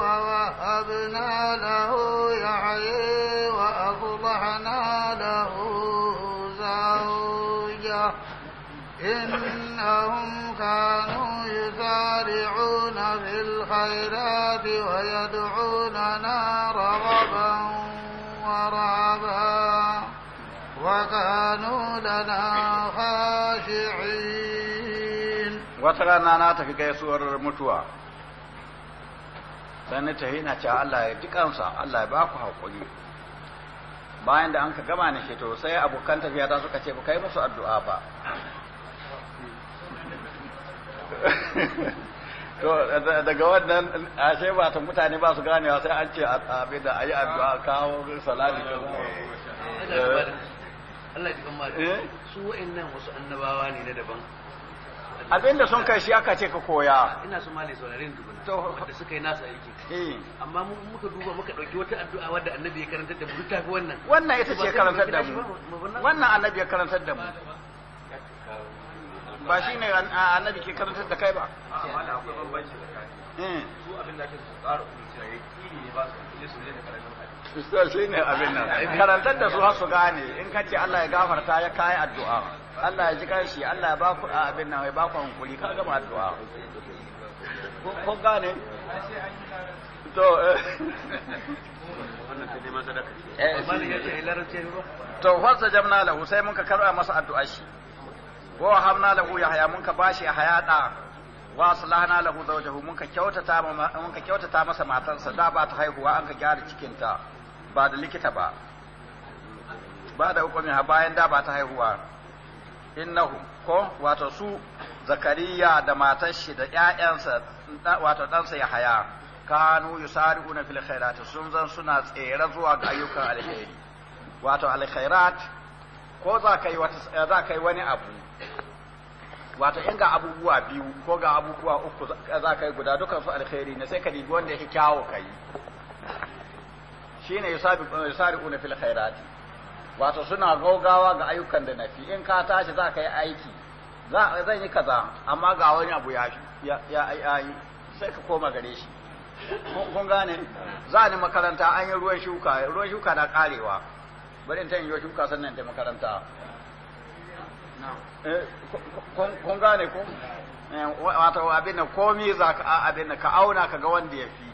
ووهبنا له يحيي وأصلحنا له زوجه إنهم كانوا يسارعون في الخيرات ويدعوننا رغبا ورهبا وكانوا لنا خاشعين وترانا na tafi gaisuwar mutuwa sai na tafi na cewa Allah ya ji kansa Allah ya ba ku haƙuri bayan da an ka gama na to sai abokan tafiya ta suka ce ba kai musu addu'a ba (laughs) to daga wannan ashe ba ta mutane ba su ganewa sai an ce abin da ayi addu'a kawo salati Allah ji kamar eh? su wa'annan wasu annabawa ne na daban abinda sun kai shi aka ce ka koya ina su malai saurarin dubuna da suka yi nasa aiki eh. amma mu muka duba muka dauki wata addu'a wadda annabi ya karanta da mu ta wannan wannan ita ce karantar da mu wannan annabi ya karantar da mu ba shi ne annabi ke karantar da kai ba akwai bambanci da kai eh. su abin da ake tsara kuma sai ne ba su ne su ne da shi ne abin nan karantar da su har su gane in kace Allah ya gafarta ya kai addu'a Allah ya ji kanshi Allah ya ba ku abin nan ya ba ku hankuri ka gama addu'a ko gane to eh. Eh, to fasa jamna lahu sai mun ka karba masa addu'a shi wa hamna lahu yahya mun ka bashi haya da wa aslahna lahu zawjahu mun ka kyautata mun ka kyautata masa matarsa da ba ta haihuwa an ka gyara cikin ta ba da likita ba ba da hukumi ha bayan da ba ta haihuwa innahu ko wato su zakariya da matar shi da ƴaƴansa wato ɗansa ya haya kanu yusari'una fil khairati sun zan suna tsere zuwa ga ayyukan alheri wato alkhairat ko za ka yi wata za ka yi wani abu wato in ga abubuwa biyu ko ga abubuwa uku za ka yi guda dukan su alkhairi ne sai ka dibi wanda yake kyawo ka yi shine yusariquna fil khairati wato suna gogawa ga ayyukan da nafi in ka tashi za ka yi aiki za zan yi kaza amma ga wani abu ya ya yi sai ka koma gare shi kun gane za ni makaranta an yi ruwan shuka ruwan shuka na karewa bari in ta yi shuka sannan ta makaranta eh, kun gane ku eh, wato abin da komi za ka abin da ka auna ka ga wanda ya fi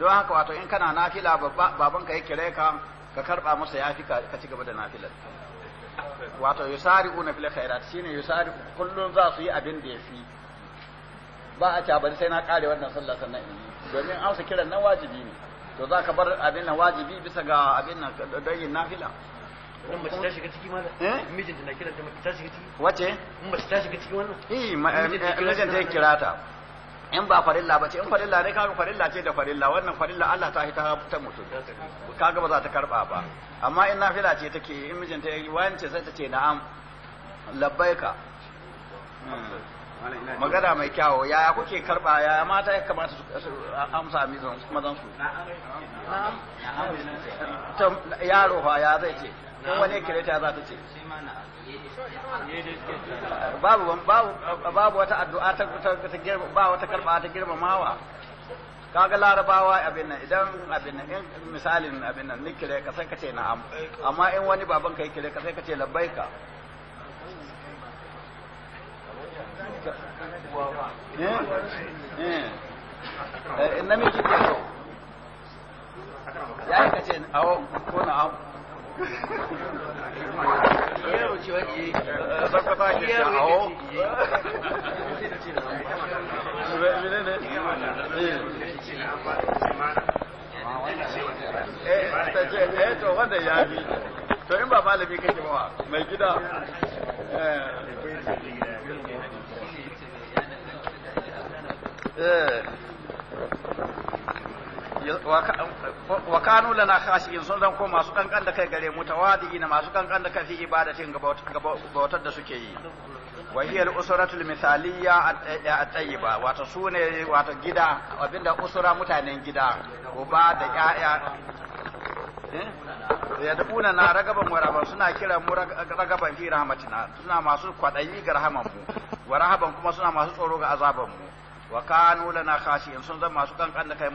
don haka wato in kana nafila babanka ya kire ka ka karba masa yafi ka ci gaba da nafilar wato yusari'una fil khairat shine yusari kullun za su yi abin da yafi ba a ci bari sai na kare wannan sallah sannan in yi domin su kiran nan wajibi ne to za ka bar abin nan wajibi bisa ga abin nan don yin nafila ciki eh? mijinta na kiranta mace ta shiga ciki wace mace ta shiga ciki wannan eh, eh mijinta ya kira eh, ta in ba farilla ba ce in farilla ne kaga farilla ce da farilla wannan farilla Allah ta hita ta mutum kaga ba za ta karba ba amma in nafila ce take in mijinta wani wance sai ta ce na'am labbaika hmm. magana mai kyawo yaya kuke karba yaya mata ya kamata su amsa mazan su yaro fa ya zai ce ko wane kireta za ta ce babu babu wata addu'a ta ta girma ba wata karba ta mawa kaga larabawa abin nan idan abin nan in misalin abin nan ni kire ka sai ka ce na'am amma in wani baban kai kire ka sai ka ce labbaika eh eh, eh namiji ke so ya ka ce awo ko na'am Dinheiro eh, de to in ba malami kake ba mai gida. wa kanu lana khashiyin sun zan ko masu kankan da kai gare mu na masu kankan da kai fi ibadatin gabatar da suke yi wa hiya al-usratu al-mithaliyya at-tayyiba wato sune wato gida abinda usura mutanen gida uba da ƴaƴa eh? ya dubuna na ragaban waraban suna kira mu ragaban fi rahmatina suna masu kwadayi ga rahaman mu wa rahaban kuma suna masu tsoro ga azaban mu wa kanu lana khashiyin sun zama masu kankan da kai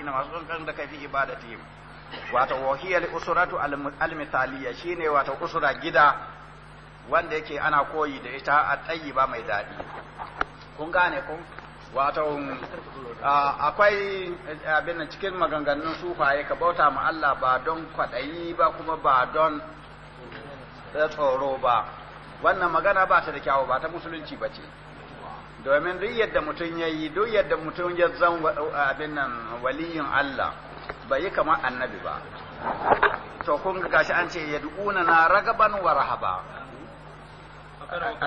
ina masu kankan da kai fi ibadati wato wahiyal usratu al-mithaliya shine wato usra gida wanda yake ana koyi da ita a ba mai dadi kun gane ku. wato akwai eh, abin cikin maganganun sufaye ka bauta ma Allah ba don kwadayi ba kuma ba don eh, tsoro ba wannan magana ba ta da kyawu ba ta musulunci ba ce domin duk yadda mutum ya yi duk yadda mutum ya zan abin nan waliyin Allah bai yi kamar annabi ba to kun ga shi an ce una na ragaban wa rahaba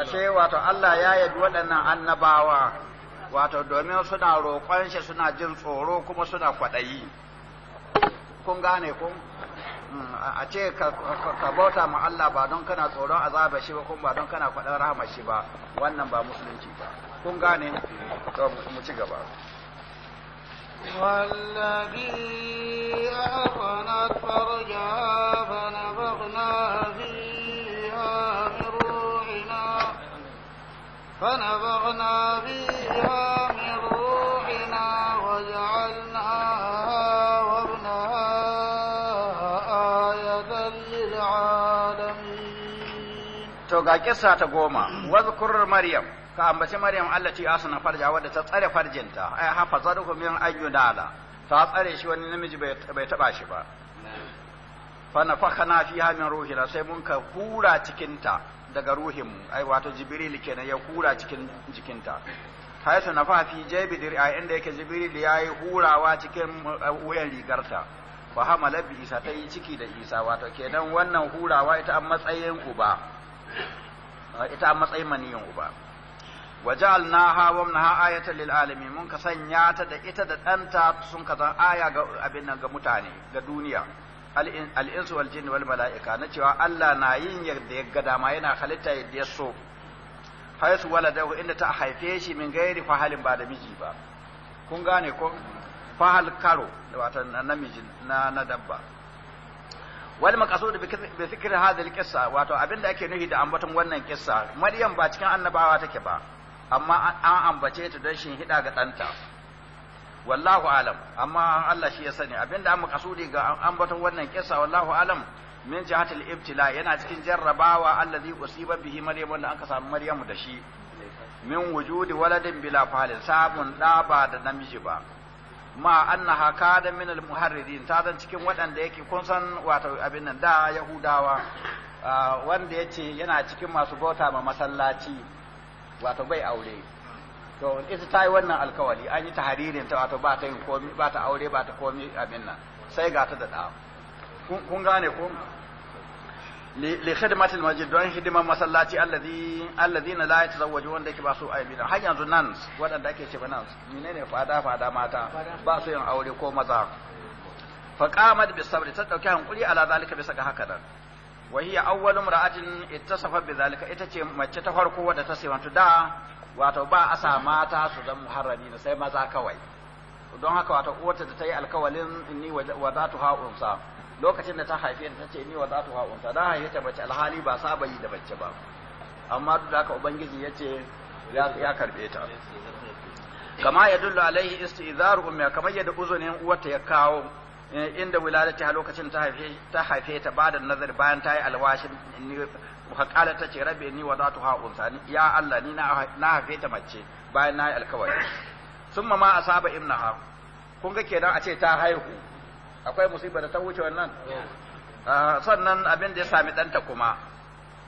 ce wato Allah ya yadda waɗannan annabawa wato domin suna roƙon shi suna jin tsoro kuma suna kwaɗayi kun gane kun hmm, a ce ka bauta ma Allah ba don kana tsoron azaba shi ba kuma ba don kana kwaɗin rahama shi ba wannan ba musulunci ba kun gane to mu ci gaba والذي أفنت فرجها فنفخنا فيها من روحنا فنفخنا فيها من روحنا وجعلناها وابنها آية للعالمين. توقع قصة تقوم واذكر مريم ka ambaci maryam Allah allati asana farja wadda ta tsare farjinta ai hafa zaruhu min ayyudala ta tsare shi wani namiji bai taba shi ba fa nafakhana fiha min la sai mun ka hura cikinta daga ruhin mu ai wato jibril kenan ya hura cikin jikinta haisu fa fi jaybi dir'a inda yake jibril yayi hurawa cikin uh, wuyan rigarta fa hamala bi isa ta yi ciki da isa wato kenan wannan hurawa ita a matsayin uba ita a matsayin maniyin uba waja'alnaha wa minha ayatan lil alamin mun ka sanya ta da ita da danta sun ka zan aya ga abin nan ga mutane ga duniya al insu wal jinni wal mala'ika na cewa Allah na yin yadda ya ga dama yana halitta yadda ya so haisu waladahu inda ta haife shi min gairi fahalin ba da miji ba kun gane ko fahal karo wata namiji na na dabba wal maqsud bi fikri hadhihi al qissa wato abinda ake nufi da ambaton wannan kissa maryam ba cikin annabawa take ba amma an ambace ta don shin hida ga ɗanta wallahu alam amma Allah shi ya sani abinda an makasudi ga ambaton wannan kisa wallahu alam min jihatil ibtila yana cikin jarrabawa allazi usiba bihi maryam wanda aka samu Maryam da shi min wujudi waladin bila falil samun da ba da namiji ba ma annaha kada min al muharridin ta zan cikin waɗanda yake kun san wato abin nan da yahudawa ah, wanda yace yana cikin masu bauta ma masallaci wato bai aure to ita ta yi wannan alkawali an yi ta haririn ta wato ba ta yin komi ba ta aure ba ta komi abin nan sai ga ta da ɗa kun gane ko li khidmatil masjid don hidiman masallaci allazi allazina la yatazawwaju wanda yake ba su ayi har yanzu nan wadanda ake ce ba nan menene fada fada mata ba su yin aure ko maza fa qamat bis sabri ta dauki hankuri ala zalika bisa ga haka nan wa hiya awwalu imra'atin ittasafat bidhalika ita ce mace ta farko wadda ta sifantu da wato ba a sa mata su zan muharrami na sai maza kawai don haka wato uwarta da ta yi alkawalin inni wadatuha unsa lokacin da ta haife ta ce inni wadatuha unsa da haife ta bace alhali ba saba yi da bace ba amma duk da haka ubangiji yace ya karbe ta Kamar ya yadullu alaihi istizar umma kamar yadda uzunin uwarta ya kawo Eh, inda wiladati lokacin ta haife ta haife ta bada nazar bayan ta yi alwashi ni haƙala ta ce rabe ni wa zatu ha unsa ya Allah ni na haife ta mace bayan na yi alkawari summa ma asaba ha kun ga kenan a ce ta haihu akwai musiba da ta wuce wannan ah, sannan abin da ya sami danta kuma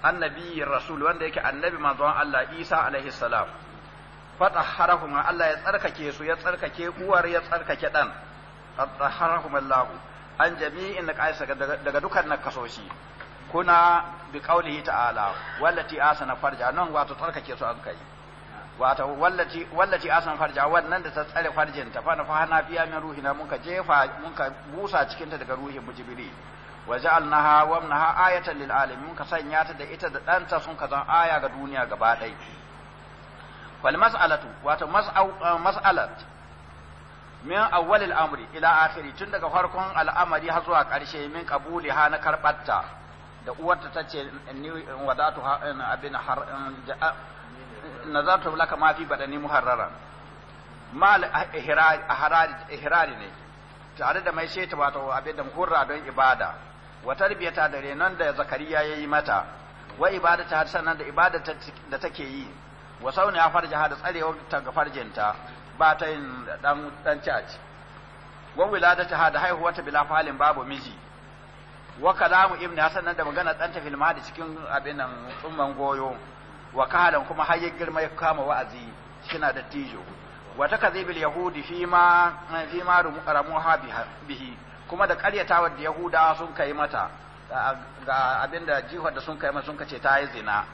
annabi rasul wanda yake annabi manzon Allah Isa alaihi salam harahuma Allah ya tsarkake su ya tsarkake uwar ya tsarkake dan طهرهم an jami'in جميع النقائص daga dukkan nakasoshi kuna bi qaulihi ta'ala wallati asana farja nan wato tarkake su an kai wato wallati wallati asana farja wannan da ta tsare farjin ta fa na fahana fiya min ruhina munka jefa munka busa cikin ta daga ruhin mujibiri wa ja'alnaha wa amnaha ayatan lil alamin ka sanya ta da ita da danta sun ka zan aya ga duniya gaba dai wal mas'alatu wato mas'alatu min awwalil amri ila akhiri tun daga farkon al'amari har zuwa ƙarshe min qabuli ha na karbatta da uwarta tace ni wadatu abin har nazartu laka ma fi badani muharrara mal ihrari ne tare da mai sheta wato abin da hurra don ibada wa tarbiyata da renon da zakariya yayi mata wa ibadata sannan da ibadata da take yi wa sauni ya farja da tsarewa ta farjinta ba ta yin dan dan caci wan wiladata ha da haihuwata bila falin babu miji wa kalamu ibnu hasan nan da magana dan ta filma da cikin abin nan tsumman goyo wa kahalan kuma har ya girma ya kama wa'azi kina da tijo wa bil yahudi fi ma fi ma ramuha bihi kuma da karyatawa da yahuda sun kai mata ga abinda jihar da sun kai mata sun kace ta yi zina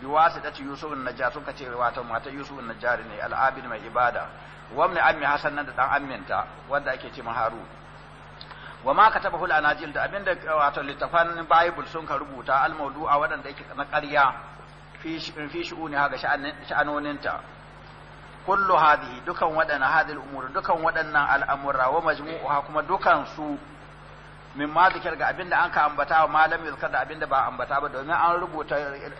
biwasi dati yusuf bin najjar sun kace wato mata yusuf bin najjar ne al-abid mai ibada wa mai ammi hasan nan da dan amminta wanda ake ce maharu wa ma katabahu al-anajil da abinda wato littafan bible sun ka rubuta al-mawdu'a wadanda yake na ƙarya fi fi shu'uni haka sha'anoninta kullu hadhihi dukan wadannan hadhihi al-umur dukan wadannan al-amura wa majmu'uha kuma dukan su min ma zikir ga abinda an ka ambata wa malam yuzkar da abinda ba ambata ba domin an rubuta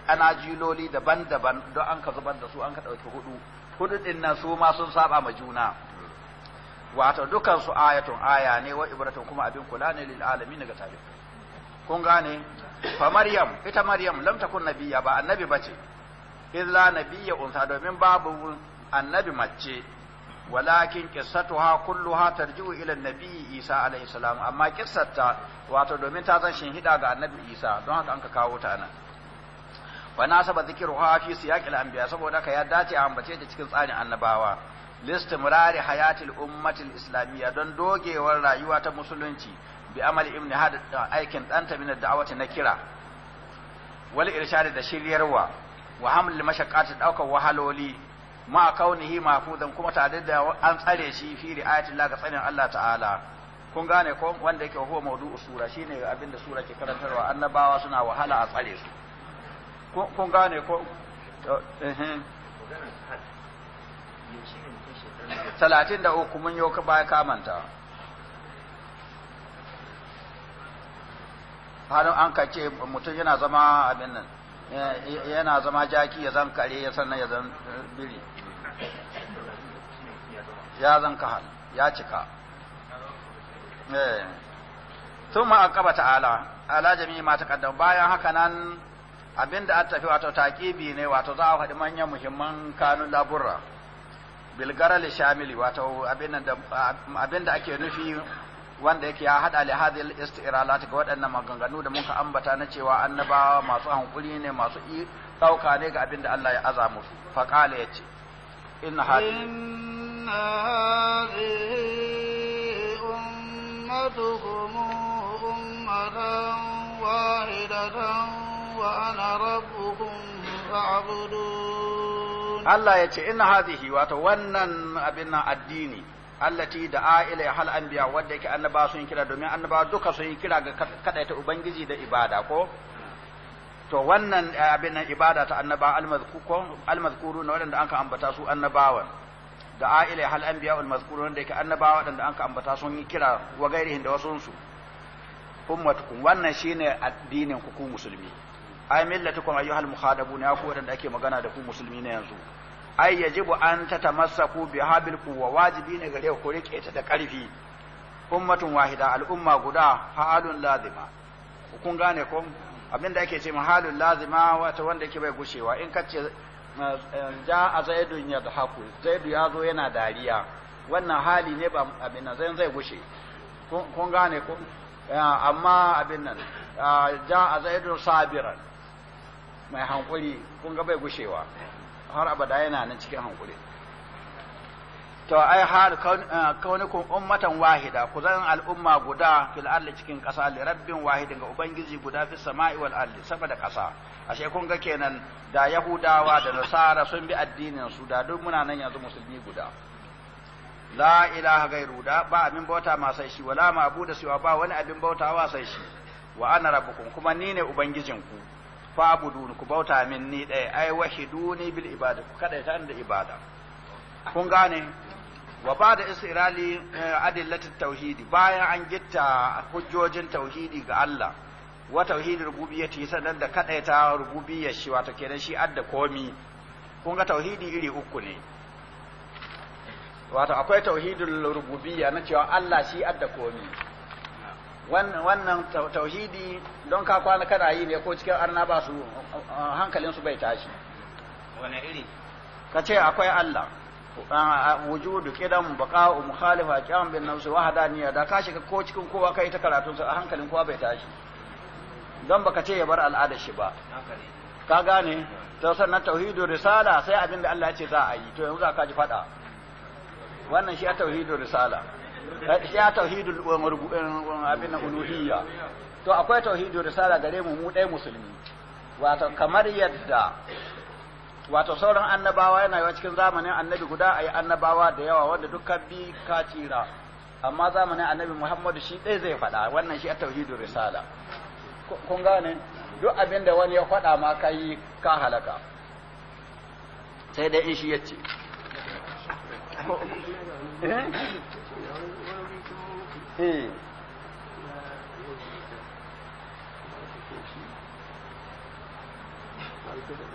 anajiloli daban-daban don an ka zubar da su an ka ɗauki hudu hudu din nan su ma sun saba ma juna wato dukan su ayatun aya ne wa ibratun kuma abin kula ne lil alamin ga tare kun gane fa maryam ita maryam lam takun nabiyya ba annabi bace illa nabiyya unsa domin babu annabi mace walakin qissatuha kulluha tarji'u ila nabi Isa alaihi salam amma qissarta wato domin ta zan shin hida ga annabi Isa don haka an ka kawo ta nan wa nasaba dhikruha fi siyaqil anbiya saboda ka ya dace a ambace ta cikin tsarin annabawa listimrari hayatil ummatil islamiyya don dogewar rayuwa ta musulunci bi amali ibn had aikin danta min da'awati na kira wal irshad da shiryarwa wa haml mashaqqati daukar wahaloli ma kaunihi mafudan kuma tare da an tsare shi fi ri'ayatillah ga tsarin Allah ta'ala kun gane ko wanda yake huwa mawdu'u sura shine abin da sura ke karantarwa annabawa suna wahala a tsare su kun gane ko eh talatin da uku mun yau baya kamanta har an kace mutum yana zama abin nan eh, yana zama jaki ya zan kare ya sannan ya zan eh, biri ya zan kahal ya cika eh. tun ma akaba ta'ala ala jami'i ma taqaddam bayan haka nan abinda an tafi wato taqibi ne wato za a faɗi manyan muhimman kanun laburra bilgara li shamili wato abinda ake nufi wanda yake ya hada li hadhil istiralat ga waɗannan maganganu da muka ambata na cewa annabawa masu hankuri ne masu dauka ne ga abinda Allah ya aza musu faqala yace إن هذه إن هذه أمتكم أمة واحدة وأنا ربكم فاعبدون الله يتي إن هذه وتونن أبنا الديني da a'ila hal anbiya wadda yake annaba sun kira domin annaba duka sun kira ga kadaita ubangiji da ibada ko to wannan eh, abin nan ibada ta annaba almazkurun waɗanda an ka ambata su annabawan da a'ila hal anbiya wal mazkurun da yake annabawa waɗanda an ka ambata sun yi kira wa gairihin da wasu su ummatukum wannan shine addinin ku ku musulmi ay millatukum ayyuhal mukhadabun ya ku waɗanda ake magana da ku musulmi ne yanzu ai yajibu an tatamassaku bi habil wa wajibi ne gare ku rike ta da ƙarfi ummatun wahida al'umma guda halun lazima kun gane ko abin da ake ce mahalul lazima wata wanda yake bai gushewa in ka ce ja a zaidun ya haku zaidu ya zo yana dariya wannan hali ne ba abin nan zai zai gushe kun gane ku. amma abin nan ja a zaidun sabiran mai hankuri kun ga bai gushewa har abada yana nan cikin hankuri to ai har eh, kaunukun ummatan wahida ku zan al'umma guda fil ardi cikin ƙasa li rabbin wahidin ga ubangiji guda fi sama'i wal ardi sama da ƙasa ashe kun ga kenan da yahudawa da nasara sun bi addinin su da duk muna nan yanzu musulmi guda la ilaha gairu da ba abin bauta ma sai shi wala da siwa ba wani abin bautawa sai shi wa ana rabbukum kuma ni ne ubangijin ku fa'budun ku bauta min ni ɗaya ai wahiduni bil ibada ku kada ta da ibada kun gane wa ba da isra'ili eh, adillatin tauhidi bayan an gitta hujjojin tauhidi ga Allah wa tauhidi rububiyyati sanan da kadaita rububiyyar shi wato kenan shi adda komi kun ga tauhidi iri uku ne wato akwai tauhidul rububiyya na cewa Allah shi adda komi wannan tauhidi don ka kwana kana yi ne ko cikin arna ba su hankalin su bai tashi wani iri ka ce akwai Allah wujudu kidan baqa'u mukhalifa qiyam bin nafsi wahdaniya da ka shiga ko cikin kowa kai ta karatun sa hankalin kowa bai tashi dan baka ce ya bar al'ada shi ba ka gane to sannan tauhidu risala sai abin da Allah ya ce za a yi to yanzu za ka ji fada wannan shi tauhidu risala shi tauhidu abin na uluhiyya to akwai tauhidu risala gare mu mu dai musulmi wato kamar yadda wato sauran annabawa yana yawa cikin zamanin annabi guda a yi annabawa da yawa wanda duka bi ka tsira amma zamanin annabi muhammadu shi ɗaya zai faɗa wannan shi a tauhidin risala kun gane duk abin da wani ya faɗa ma ka yi ka halaka sai dai in shi ya ce eh? Thank eh.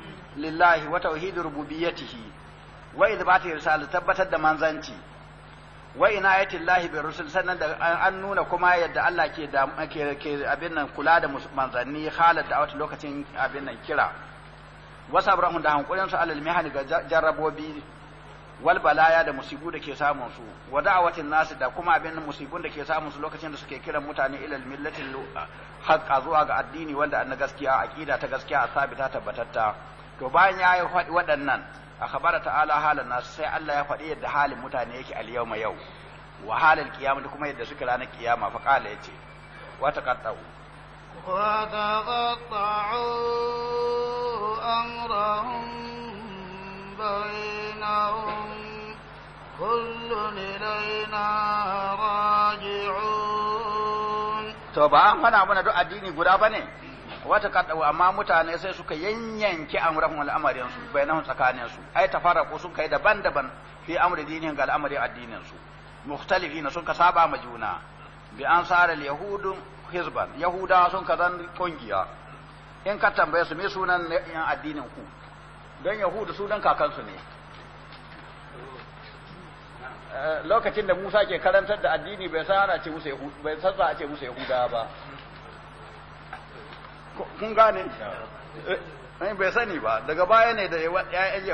lillahi wa tauhid rububiyyatihi wa ithbati risalati tabbatar da manzanci wa inayati llahi bi rusul sannan da an nuna kuma yadda Allah ke da ke abin nan kula da manzanni halal da wata lokacin abin nan kira wa sabrahu da hankulin su alal mihani ga jarrabobi wal balaya da musibu da ke samun su wa da'awatin nasu da kuma abin musibun da ke samun su lokacin da suke kiran mutane ilal millatin haqqa zuwa ga addini wanda na gaskiya aqida ta gaskiya a sabita tabbatatta to bayan ya yi faɗi waɗannan a khabara ta'ala halan nasu sai Allah ya faɗi yadda halin mutane yake al ma yau wa halin kiyama kuma yadda suka ranar kiyama fa Wata yace wata taqatta'u wa taqatta'u amrahum bainahum kullun ilayna raji'un to ba an faɗa mana duk addini guda ba ne. wata kaɗau amma mutane sai suka yanyanke amurahun su bai tsakanin tsakaninsu ai tafarraku sun kai daban-daban fi amri dinin ga al'amari addininsu su na sun ka saba ma juna bi an sare Yahudu hizban yahudawa sun ka zan kungiya in ka tambaye su me sunan yan addinin ku don yahudu sunan kakansu ne eh, lokacin da musa ke karantar da addini bai san ana ce musu bai san a ce musu Yahuda ba kun gane ai eh, eh, bai sani ba daga baya ne da ya'yan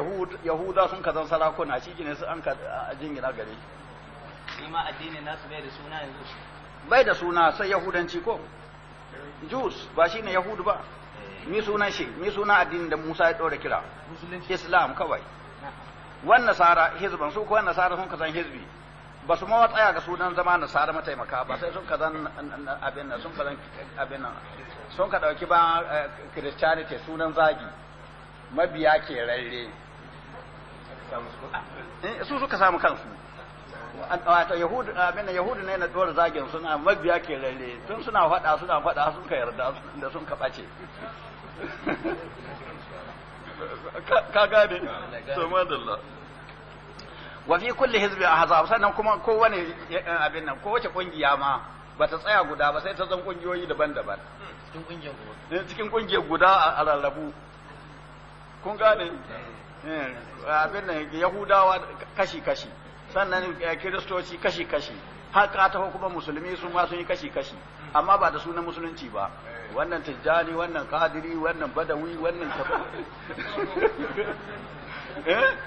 yahuda sun kazan sarakuna shi gine su an ka jingina gare shi shi ma addinin nasu bai da suna yanzu bai da suna sai yahudanci ko jews ba shi ne yahudu ba ni eh. sunan shi ni suna addinin da Musa ya dora kira islam kawai wannan nasara hizban su ko nasara sun kazan hizbi ba su mawa tsaya ga sunan zama na sa'ar mataimaka ba sai sun ka zan abin nan sun ka zan abin nan sun ka dauki ba eh, christianity sunan zagi mabiya ke rarre eh, su suka samu kansu wato yahudu abin yahudu ne na dora zagin suna mabiya ke rarre tun suna faɗa suna faɗa sun ka yarda da sun ka ɓace (laughs) ka gane to madalla wa fi kulli hizbi ahzab sannan kuma kowane eh, abin nan kowace kungiya ma bata tsaya guda ba sai ta zan kungiyoyi daban-daban cikin kungiyar guda eh, cikin kungiyar guda a rarrabu kun gane eh. abin nan yahudawa kashi-kashi sannan kiristoci kashi-kashi har ta kuma musulmi sun ma sun yi kashi-kashi amma ba da sunan musulunci ba wannan tijjani wannan kadiri wannan badawi wannan (laughs) eh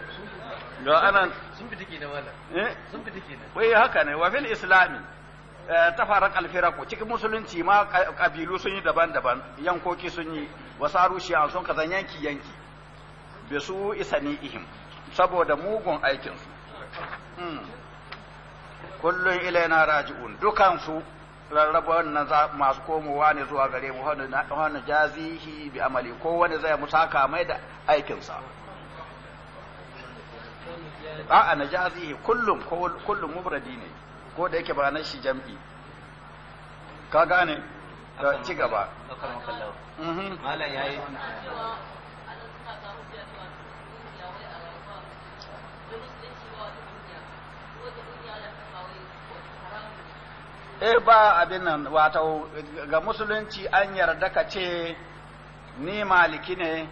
ga ana sun fita na wala eh sun fita na wai haka ne wa fil islami eh, tafarak cikin musulunci ma kabilu sun yi daban-daban yankoki sun yi wasaru shi an sun kazan yanki yanki bi su isani ihim saboda mugun aikin su hmm. kullun ilaina raji'un dukan su rarraba wannan masu komowa ne zuwa gare mu hannu jazihi bi amali ko wani zai musaka mai da aikinsa. sa a'a a kullum ko kullum mubradi ne ko da yake ba nan shi jam'i ka gane ka ci gaba mm-hmm. eh ba abin nan wato ga musulunci an yarda ka ce ni maliki ne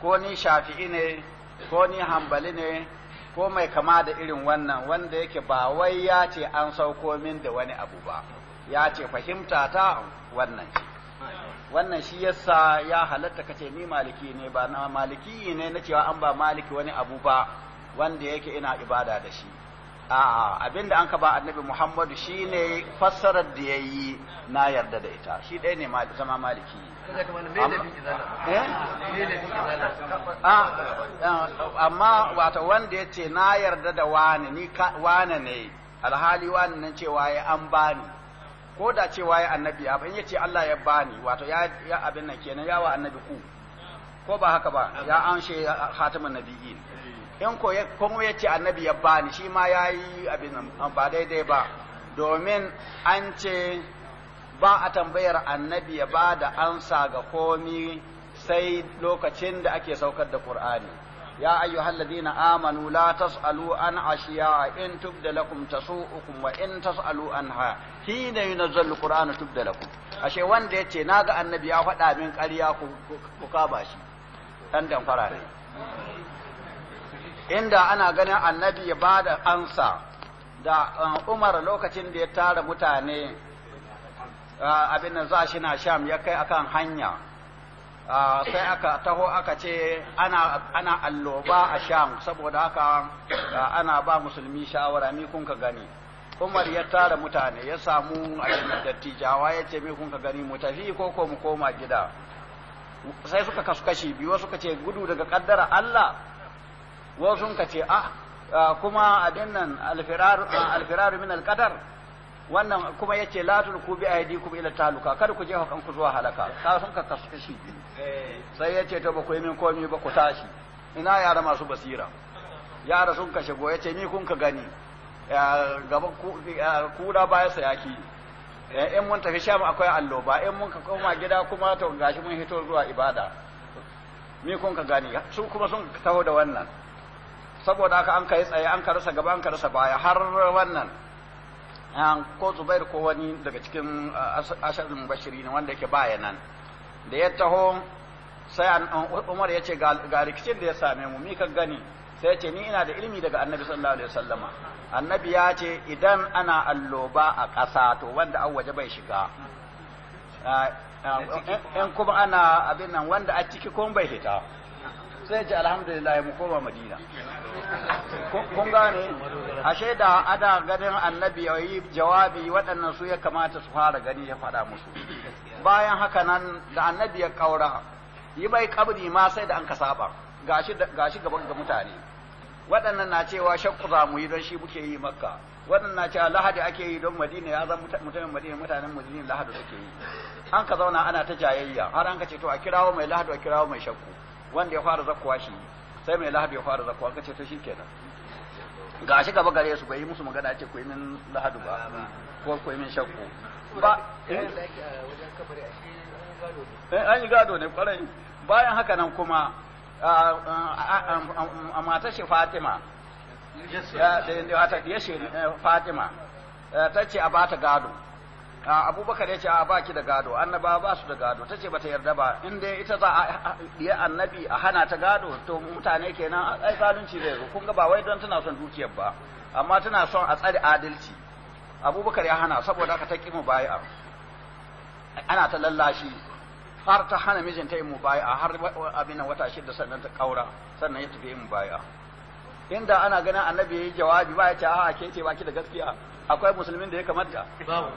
ko ni shafi'i ne ko ni hambali ne ko mai kama da irin wannan wanda yake ba wai ya ce an sauko min da wani abu ba ya ce fahimta ta wannan ce wannan shi yasa ya halatta kace ni maliki ne ba na maliki ne na cewa an ba maliki wani abu ba wanda yake ina ibada da shi a'a abinda an ka ba annabi Muhammadu shine fassarar da ya yi na yarda da ita shi ɗaya ne zama maliki eh? ah, ah, amma wata wanda ya ce na yarda da wane ni wane ne alhali wane nan cewa ya an bani ko da cewa ya annabi ya in ya ce Allah ya bani wato ya abin nan kenan yawa annabi ku ko ba haka ba ya an shi hatimin nabi'in in ko ya ce annabi ya bani shi ma ya yi abin ba daidai ba domin an ce ba a tambayar annabi ya ba da ansa ga komi sai lokacin da ake saukar da ƙur'ani. ya ayu na amanu la tasalu an ashiya in tubda lakum uku ma in tasalu anha hina yunazzalu qur'anu tubda lakum ashe wanda yace ga annabi ya faɗa min ƙarya ku kaba shi. dan ne inda ana ganin annabi ya ba da ansa da uh, umar lokacin da ya tara mutane uh, abin da za shi na sham ya kai akan hanya uh, sai aka taho aka ce ana alloba a sham saboda haka ana ba musulmi shawara ni kun ka gani umar ya tara mutane ya samu abin dattijawa ya ce me kun ka gani mu tafi ko ko mu koma gida sai suka kasu kashi biyu suka ce gudu daga kaddara Allah wasu ka ce a ah, ah, kuma abin nan alfirar ah, min alkadar wannan kuma ya ce latin ku bi aidikum ila taluka kada ku je jefa kanku zuwa halaka ka sun ka kashi sai ya ce to ba ku yi min komi ba ku tashi ina yara masu basira yara sun kashe ya ce ni kun ka gani gaba kura baya sayaki in mun tafi sham akwai alloba in mun ka koma gida kuma to gashi mun hito zuwa ibada ni kun ka gani su kuma sun taho da wannan saboda haka an kai tsaye an rasa gaba an karasa baya har wannan ko zubair ko wani daga cikin uh, asharin mubashiri ne wanda yake baya nan da ya taho sai umar ya ce ga rikicin da ya same mu mika gani sai yace ni ina da ilimi daga annabi sallallahu alaihi wasallama annabi ya ce idan ana alloba a ƙasa to wanda an waje bai shiga uh, uh, in kuma ana abin nan wanda a ciki ko bai hita sai ce alhamdulillah mu koma madina kun gane ashe da ada ganin annabi yayi jawabi waɗannan su ya kamata su fara gani ya faɗa musu bayan haka nan da annabi ya kaura yi bai kabri ma sai da an ka saba gashi gashi gaban ga mutane waɗannan na cewa shakku za mu yi don shi muke yi makka waɗannan na cewa lahadi ake yi don madina ya zama mutumin madina mutanen madina lahadi suke yi an ka zauna ana ta jayayya har an ka ce to a kirawo mai lahadi a kirawo mai shakku wanda ya fara zakkuwa shi sai mai lahadu ya fara zakkuwa kace to shikenan ga shi gaba gare su bai yi musu magana ce ku min lahadu ba ko ku yi min shakku ba eh. eh, eh, an yi gado ne kwarai bayan haka nan kuma a matar shi fatima ya ce fatima ta ce a bata gado abubakar ya ce a ki da gado annaba ba su da gado ta ce ba ta yarda ba in dai ita za a yi annabi a hana ta gado to mutane kenan ai zalunci zai zo kun ga ba wai don tana son dukiyar ba amma tana son a tsare adalci abubakar ya hana saboda ka ta ki mu bai'a ana ta lallashi har ta hana mijinta yin mubaya har abin wata shida sannan ta kaura sannan ya tafi yin mubaya inda ana ganin annabi ya yi jawabi ba ya ce a ke ce baki da gaskiya akwai musulmin da ya kamata babu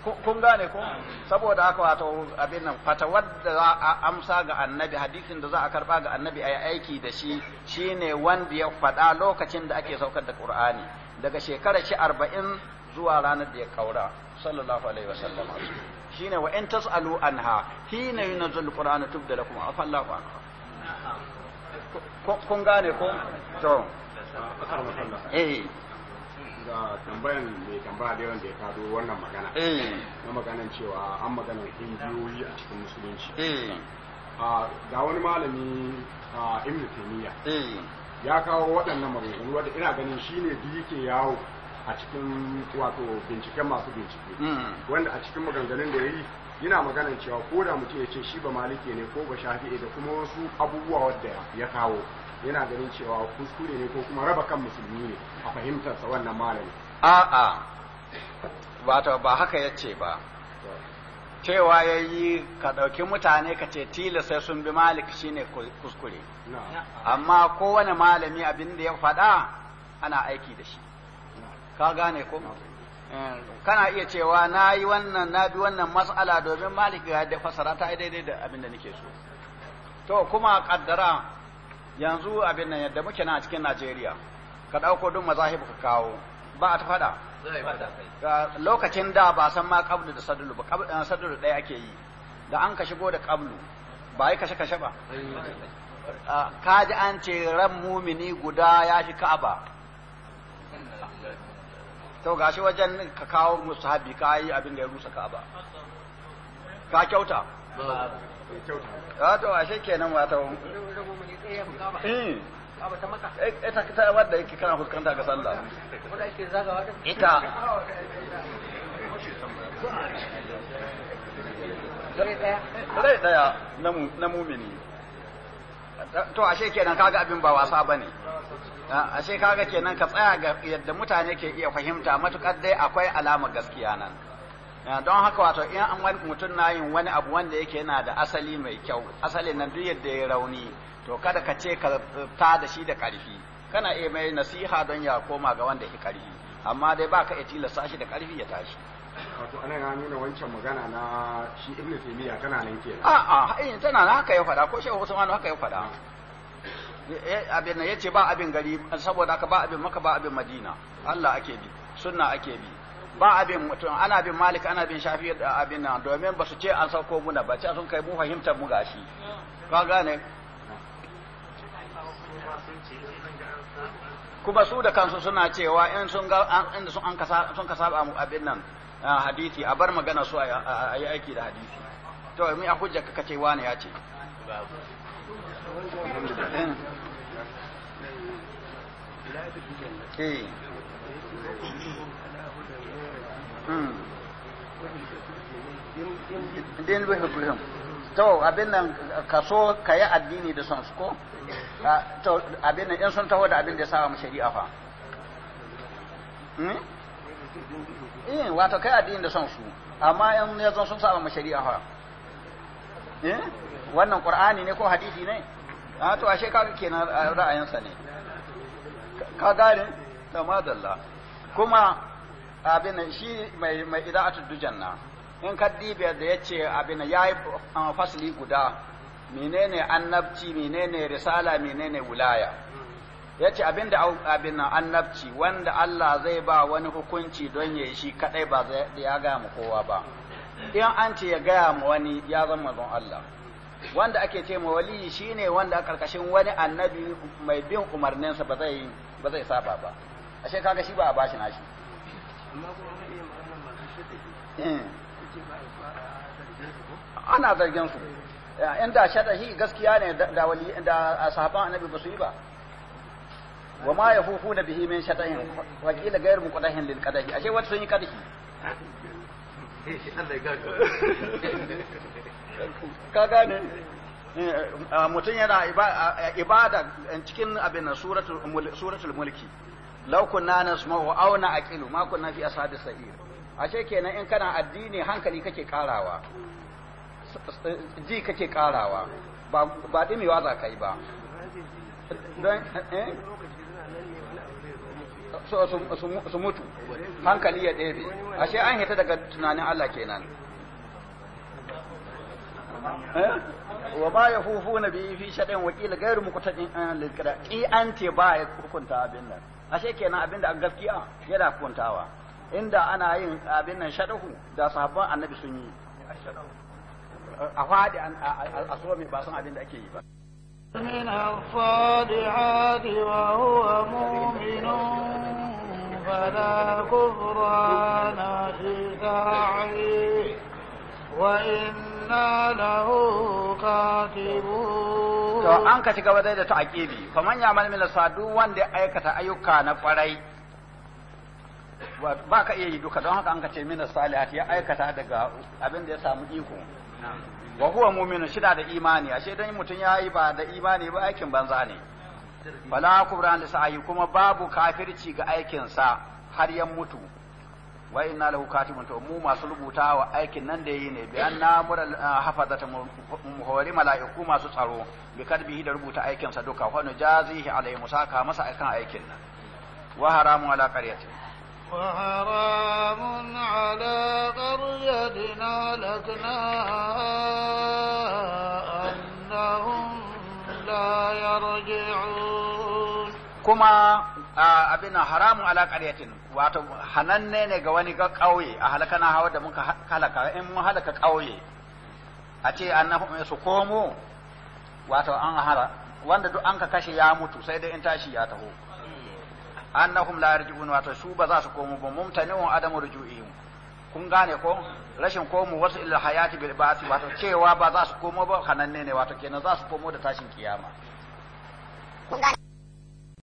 kun gane ko saboda haka wato abin nan fatawar da za a amsa ga annabi hadisin da za a karba ga annabi ayi aiki da shi shine wanda ya faɗa lokacin da ake saukar da qur'ani daga shekara shi arba'in zuwa ranar da ya kaura sallallahu alaihi wa sallama shine wa in tasalu anha hina yunzil qur'anu tubda lakum afallahu anha kun gane ko to eh tambayan mai tambaya da yawan da ya kado wannan magana eh. na maganan cewa an maganar ƙungiyoyi a cikin musulunci eh. ga wani malami ibn taymiya eh. ya kawo waɗannan maganganu wadda ina ganin shine da yake yawo a cikin wato binciken masu bincike hmm. wanda a cikin maganganun da ya yi yana maganan cewa ko da mutum ya ce shi ba maliki ne ko ba shafi'i da kuma wasu abubuwa wadda ya kawo yana ganin cewa kuskure ne ko kuma raba kan musulmi ne a fahimtarsa wannan malami a'a ba ta ba haka yace ba cewa ya yi ka ɗauki mutane ka ce tila sai sun bi malik shine kuskure amma kowane malami abin da ya faɗa ana aiki da shi ka gane ko kana iya cewa na yi wannan na bi wannan mas'ala domin malik ya da fasara ta daidai da abin da nake so to kuma kaddara yanzu abin nan yadda muke na a cikin Najeriya ka ɗauko duk mazahib ka kawo ba a ta faɗa lokacin da ba san ma kablu da sadulu ba eh, sadulu ɗaya ake yi da an ka shigo da kablu ba yi kashe kashe ba eh. ah, ka ji an ce ran mumini guda ya fi ka'aba to gashi wajen ka kawo musahabi ka yi abin da ya rusa ka'aba ka kyauta wato ashe kenan wato eh, ita ta wadda yake kana fuskanta ga sallah ita rai daya na mumini to ashe kenan kaga abin ba wasa bane ashe kaga kenan ka tsaya ga yadda mutane ke iya fahimta matukar dai akwai alama gaskiya nan Eh, don haka wato in an wani mutum na yin wani abu wanda yake yana da asali mai kyau asali nan duk yadda ya rauni to kada ka ce ka ta da shi da ƙarfi kana iya mai nasiha don ya koma ga wanda ya ƙarfi amma dai ba ka iya tilasta shi da ƙarfi ya tashi wato ana ya nuna wancan magana na shi ibn taymiya tana nan ke a a in tana na haka ya faɗa ko shehu usman haka ya faɗa eh, eh, abin ya ce ba abin gari saboda ka ba abin maka ba abin madina Allah ake bi sunna ake bi ba abin mutum ana bin malik ana bin shafi abin nan domin ba su ce an sauko muna ba ce sun kai mu fahimtar mu gashi ka gane kuma su da kansu suna cewa in sun ga inda sun kasa sun kasa ba mu abin nan hadisi a bar magana su a yi aiki da hadisi to mi a hujja ka kace wani ya ce Eh. Hmm. din bihim to abin nan kaso ka yi addini da son su ko to abin nan in sun taho da abin da ya saba mu shari'a fa hmm? eh wato kai addini da son su amma in ya zan sun saba mu shari'a fa eh wannan qur'ani ne ko hadisi ne a to ashe kaga kenan ra'ayinsa ne ka gane ta madalla kuma abin shi mai mai ida'atul dujanna in ka dibe da yace abin yayi uh, fasli guda menene annabci menene risala menene wilaya yace abin da abin annabci wanda Allah zai ba wani hukunci don yayi shi kadai ba zai ya ga mu kowa ba in an ce ya gaya ma wani ya zama don Allah wanda ake ce ma wali shine wanda a karkashin wani annabi mai bin umarninsa ba zai ba zai saba ba ashe kaga shi ba a bashi nashi Eh. ana zargin su eh, in da shadahi gaskiya ne da wali da sahaban annabi ba su yi ba wa ma yafufuna bihi min shatahin wa qila ghayr muqadahin lil qadahi ashe wata sun yi qadahi (laughs) ka gane eh, mutum yana ibada cikin abin suratul mulki law kunna nasma'u aw na'qilu ma kunna fi ashabi sa'ir ashe kenan in kana addini hankali kake karawa ji kake karawa ba ba wa za kai ba dan eh su mutu hankali ya ɗebe ashe an hita daga tunanin Allah kenan eh? wa ba ya hufu na biyu fi shaɗin wakil gairu muku ta ƙi eh, an ce ba ya hukunta abin nan ashe kenan abinda an gaskiya yana kuntawa inda ana yin abin nan shadahu da sahabban annabi sun yi a fadi a so ba san abin da ake yi ba من الصالحات وهو مؤمن فلا كفران إلا عليه وإنا له كاتبون to an ka ci gaba da ta aqibi fa man ya'mal min sadu wanda aikata ayyuka na kwarai ba ka iya yi duka don haka an ka ce min salihati ya aikata daga abin da ya samu iko wa huwa mu'minu shida da imani ashe dan mutum yayi ba da imani ba aikin banza ne bala kubran da sa'ayi kuma babu kafirci ga aikin sa har ya mutu wa inna lahu katibun to mu masu rubuta wa aikin nan da yi ne bi anna mura ah, hafazata muhawari mala'iku masu tsaro bi kadbihi da rubuta aikin sa duka wa nujazihi alai musaka masa akan aikin nan wa haramun ala qaryati wa haramun ala qaryatina alakna annahum la yarji'un kuma abin haramun ala qaryatin wato hananne ne ga wani ga ƙauye a na hawa da muka halaka in mun halaka ƙauye a ce annahum su komo wato an hara wanda duk an ka kashe ya mutu sai dai in tashi ya taho annahum la yarji'un wato su ba za su komo ba mumtani'un adamu ruju'ihim kun gane ko rashin komo wasu ila hayati bil ba'si wato cewa ba za su komo ba hananne ne wato kenan za su komo da tashin kiyama kun gane